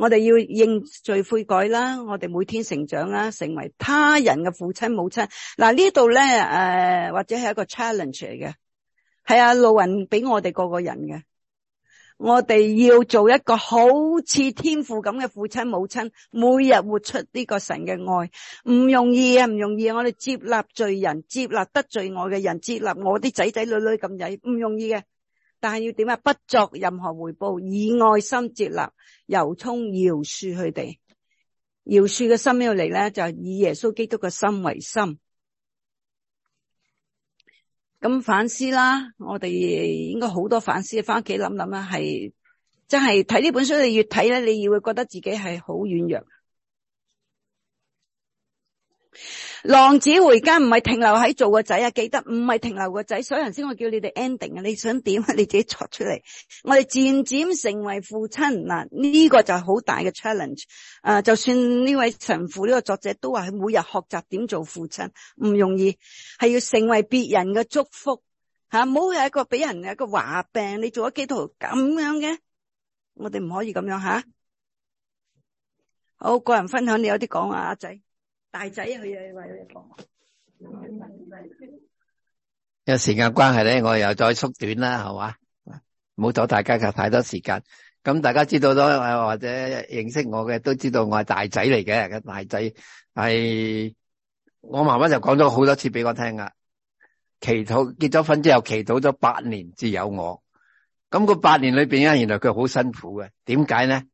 我哋要認罪悔改啦，我哋每天成長啦，成為他人嘅父親母親。嗱、啊、呢度咧，誒、呃、或者係一個 challenge 嚟嘅，係啊，路云俾我哋個個人嘅，我哋要做一個好似天父咁嘅父親母親，每日活出呢個神嘅愛，唔容易啊，唔容易、啊。我哋接納罪人，接納得罪我嘅人，接納我啲仔仔女女咁曳，唔容易嘅、啊。但係要點啊？不作任何回報，以愛心接納，由衷饒恕佢哋。饒恕嘅心要嚟咧，就係以耶穌基督嘅心為心。咁反思啦，我哋應該好多反思，返屋企諗諗啊，係真係睇呢本書你，你越睇咧，你會覺得自己係好軟弱。浪子回家唔係停留喺做個仔啊，記得唔係停留個仔，所以人先會叫你哋 ending 啊。你想點啊？你自己作出嚟。我哋漸漸成為父親嗱，呢、啊這個就係好大嘅 challenge。誒、啊，就算呢位神父呢個作者都話，佢每日學習點做父親，唔容易，係要成為別人嘅祝福吓，唔、啊、好一個俾人一個話柄。你做咗基督徒咁樣嘅，我哋唔可以咁樣吓、啊。好，個人分享，你有啲講話啊，阿仔。大仔啊！佢又有嘢講，因為時間關係咧，我又再縮短啦，係嘛，唔好阻大家嘅太多時間。咁大家知道咗，或者認識我嘅都知道我係大仔嚟嘅。大仔係我媽媽就講咗好多次俾我聽噶，祈禱結咗婚之後祈禱咗八年至有我。咁個八年裏邊咧，原來佢好辛苦嘅。點解咧？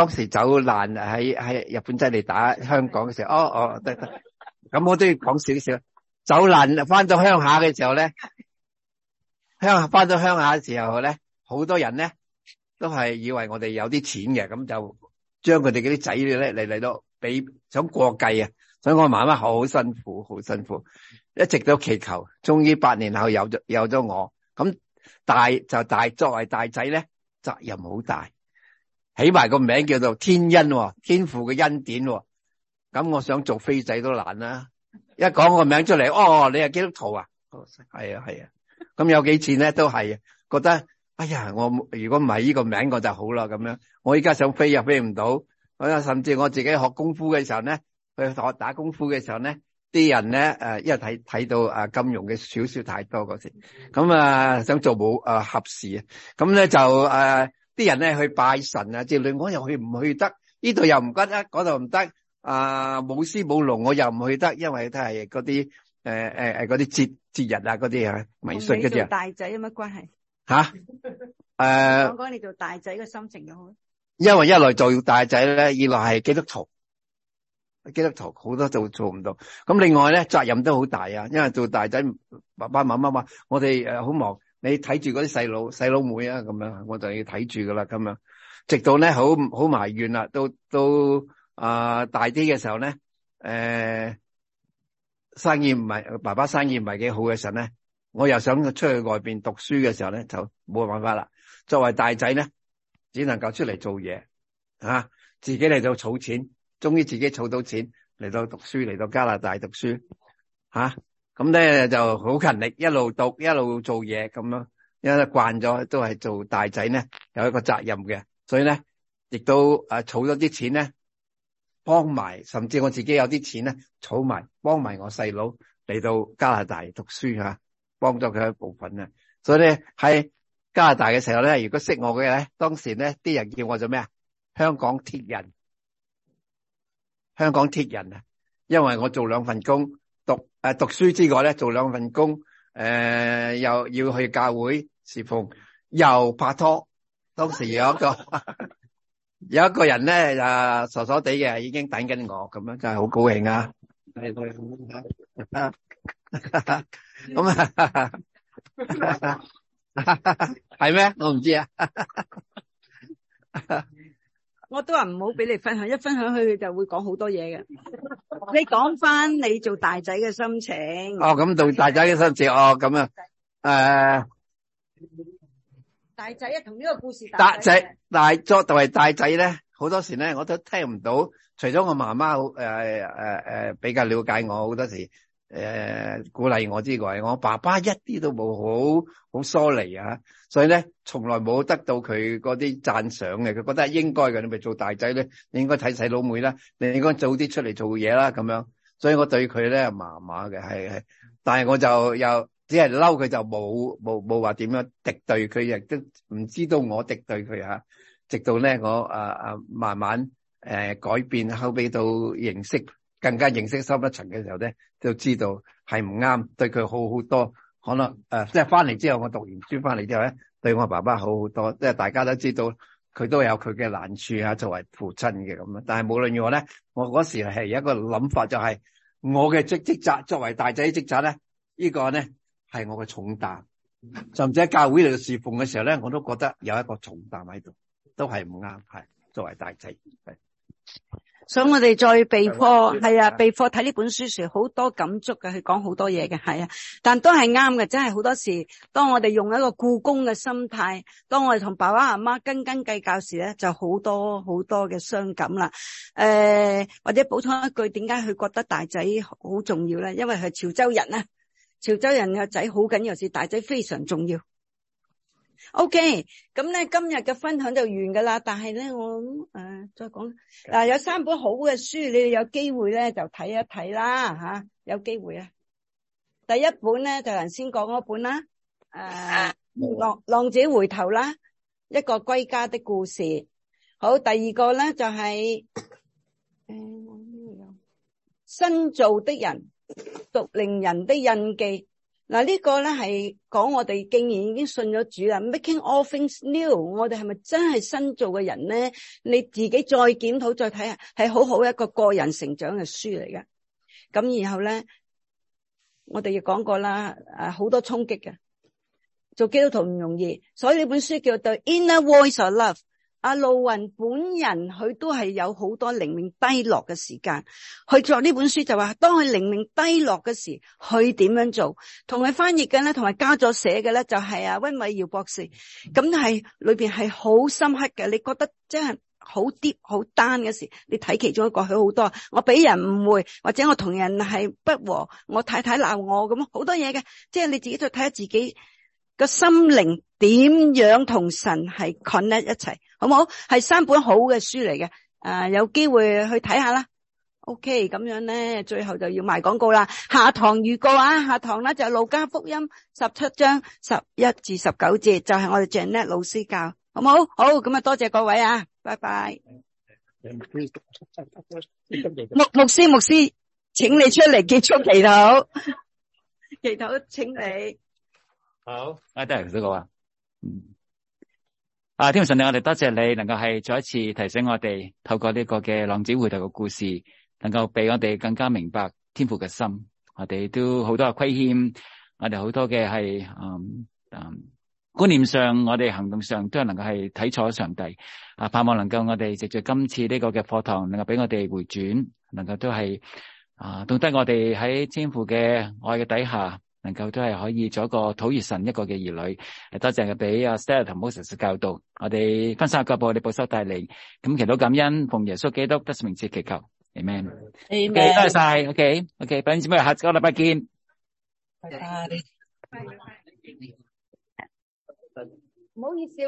當時走難，喺喺日本仔嚟打香港嘅時候，哦哦，得得，咁我都要講少少。走難翻到鄉下嘅時候咧，鄉翻到鄉下嘅時候咧，好多人咧都係以為我哋有啲錢嘅，咁就將佢哋嗰啲仔女咧嚟嚟到俾想過繼啊，所以我媽媽好辛苦，好辛苦，一直都祈求，終於八年後有咗有咗我，咁大就大，作為大仔咧，責任好大。起埋個名叫做天恩、哦、天父嘅恩典、哦，咁我想做飛仔都難啦。一講個名出嚟，哦，你係基督徒啊？係啊，係啊。咁有幾次咧都係，覺得哎呀，我如果唔係呢個名，我就好啦。咁樣，我依家想飛又飛唔到。咁啊，甚至我自己學功夫嘅時候咧，去學打功夫嘅時候咧，啲人咧誒，因為睇睇到啊金融嘅小說太多嗰時，咁啊想做冇啊合啊。咁咧就誒。呃啲人咧去拜神啊，就連我又去唔去得？呢度又唔得，嗰度唔得。啊，冇師冇龍，我又唔去得，因為都係嗰啲誒誒誒啲節節日啊，嗰啲啊迷信嘅啫、啊。大仔有乜關係？吓，誒，講講你做大仔嘅、啊啊、心情又好。因為一來做大仔咧，二來係基督徒，基督徒好多做做唔到。咁另外咧責任都好大啊，因為做大仔，爸爸媽媽話我哋誒好忙。你睇住嗰啲細佬、細佬妹啊，咁樣我就要睇住噶啦，咁樣直到咧好好埋怨啦，到到啊、呃、大啲嘅時候咧，誒、呃、生意唔係爸爸生意唔係幾好嘅時候咧，我又想出去外邊讀書嘅時候咧，就冇辦法啦。作為大仔咧，只能夠出嚟做嘢啊，自己嚟到儲錢，終於自己儲到錢嚟到讀書，嚟到加拿大讀書吓。啊咁咧就好勤力，一路讀一路做嘢，咁樣，因為慣咗都係做大仔咧，有一個責任嘅，所以咧亦都啊儲咗啲錢咧，幫埋甚至我自己有啲錢咧儲埋幫埋我細佬嚟到加拿大讀書啊，幫咗佢一部分啊。所以咧喺加拿大嘅時候咧，如果識我嘅咧，當時咧啲人叫我做咩啊？香港鐵人，香港鐵人啊，因為我做兩份工。誒，讀書之外咧，做兩份工，誒，又要去教會侍奉，又拍拖。當時有一個有一個人咧，就傻傻地嘅，已經等緊我咁樣，真係好高興啊！係佢咁啊，係咩？我唔知啊。我都話唔好俾你分享，一分享去佢就會講好多嘢嘅。你講翻你做大仔嘅心情。哦，咁到大仔嘅心情哦，咁啊，誒、呃，大仔一同呢個故事大仔大大大大。大仔大作同埋大仔咧，好多時咧我都聽唔到，除咗我媽媽好誒誒誒比較了解我，好多時。誒、呃，鼓勵我之外，我爸爸一啲都冇好好疏離啊，所以咧，從來冇得到佢嗰啲讚賞嘅。佢覺得應該嘅，你咪做大仔咧，你應該睇細佬妹啦，你應該早啲出嚟做嘢啦，咁樣。所以我對佢咧麻麻嘅，係係，但係我就又只係嬲佢就冇冇冇話點樣敵對佢，亦都唔知道我敵對佢啊。直到咧我啊啊、呃、慢慢誒、呃、改變後尾到認識更加認識深一層嘅時候咧，就知道係唔啱，對佢好好多。可能、呃、即係翻嚟之後，我讀完書翻嚟之後咧，對我爸爸好好多。即係大家都知道，佢都有佢嘅難處啊，作為父親嘅咁樣。但係無論如何咧，我嗰時係有一個諗法，就係，就係我嘅職職責作為大仔職責咧，呢個、呢個咧係我嘅重擔。甚至喺教會嚟到侍奉嘅時候咧，我都覺得有一個重擔喺度，都係唔啱，係作為大仔。所以我哋再備課，係啊，備課睇呢本書時好多感觸嘅，去講好多嘢嘅，係啊，但都係啱嘅，真係好多時，當我哋用一個僱工嘅心態，當我哋同爸爸媽媽斤斤計較時咧，就好多好多嘅傷感啦。誒、呃，或者補充一句，點解佢覺得大仔好重要咧？因為係潮州人啦，潮州人嘅仔好緊要，是大仔非常重要。O K，咁咧今日嘅分享就完噶啦，但係咧我誒再講嗱，有三本好嘅書，你哋有機會咧就睇一睇啦吓，有機會啊！第一本咧就頭先講嗰本啦，誒浪浪子回頭啦，一個歸家的故事。好，第二個咧就係誒我呢度有新造的人，屬靈人的印記。嗱、這個、呢個咧係講我哋竟然已經信咗主啦，Making All Things New，我哋係咪真係新造嘅人咧？你自己再檢討、再睇下，係好好一個個人成長嘅書嚟嘅。咁然後咧，我哋亦講過啦，誒好多衝擊嘅，做基督徒唔容易，所以呢本書叫做《In Inner Voice of Love》。阿盧云本人佢都係有好多靈命低落嘅時間去作呢本書，就話當佢靈命低落嘅時，佢點樣做？同佢翻譯嘅咧，同埋加咗寫嘅咧，就係阿溫偉耀博士，咁係裏邊係好深刻嘅。你覺得即係好啲、好單嘅時，你睇其中一個佢好多，我俾人誤會，或者我同人係不和，我太太鬧我咁，好多嘢嘅。即係你自己再睇下自己個心靈點樣同神係 connect 一齊。好唔好？係三本好嘅書嚟嘅，誒，有機會去睇下啦。OK，咁樣咧，最後就要賣廣告啦。下堂預告啊，下堂啦就係《路加福音》十七章十一至十九節，就係我哋鄭叻老師教，好唔好？好，咁啊，多謝各位啊，拜拜。牧牧師，牧師，請你出嚟結束祈禱，祈禱，請你。好，阿德，唔使講啊。啊！天父上帝，我哋多謝謝你能夠係再一次提醒我哋，透過呢個嘅浪子回頭嘅故事，能夠俾我哋更加明白天父嘅心。我哋都好多嘅虧欠，我哋好多嘅係嗯嗯、啊、觀念上，我哋行動上都係能夠係睇錯上帝啊！盼望能夠我哋藉住今次呢個嘅課堂，能夠俾我哋回轉，能夠都係啊，懂得我哋喺天父嘅愛嘅底下。能夠都係可以做一個土越神一個嘅兒女，係多謝佢俾阿 Stella 同 Moses 教導我哋分散腳步，我哋保守帶領，咁祈禱感恩奉耶穌基督得勝名字祈求，amen，, Amen. Okay, 多謝晒，ok，ok，拜你姊妹，下個禮拜見，拜拜，唔 (noise) (noise) 好意思。 (noise)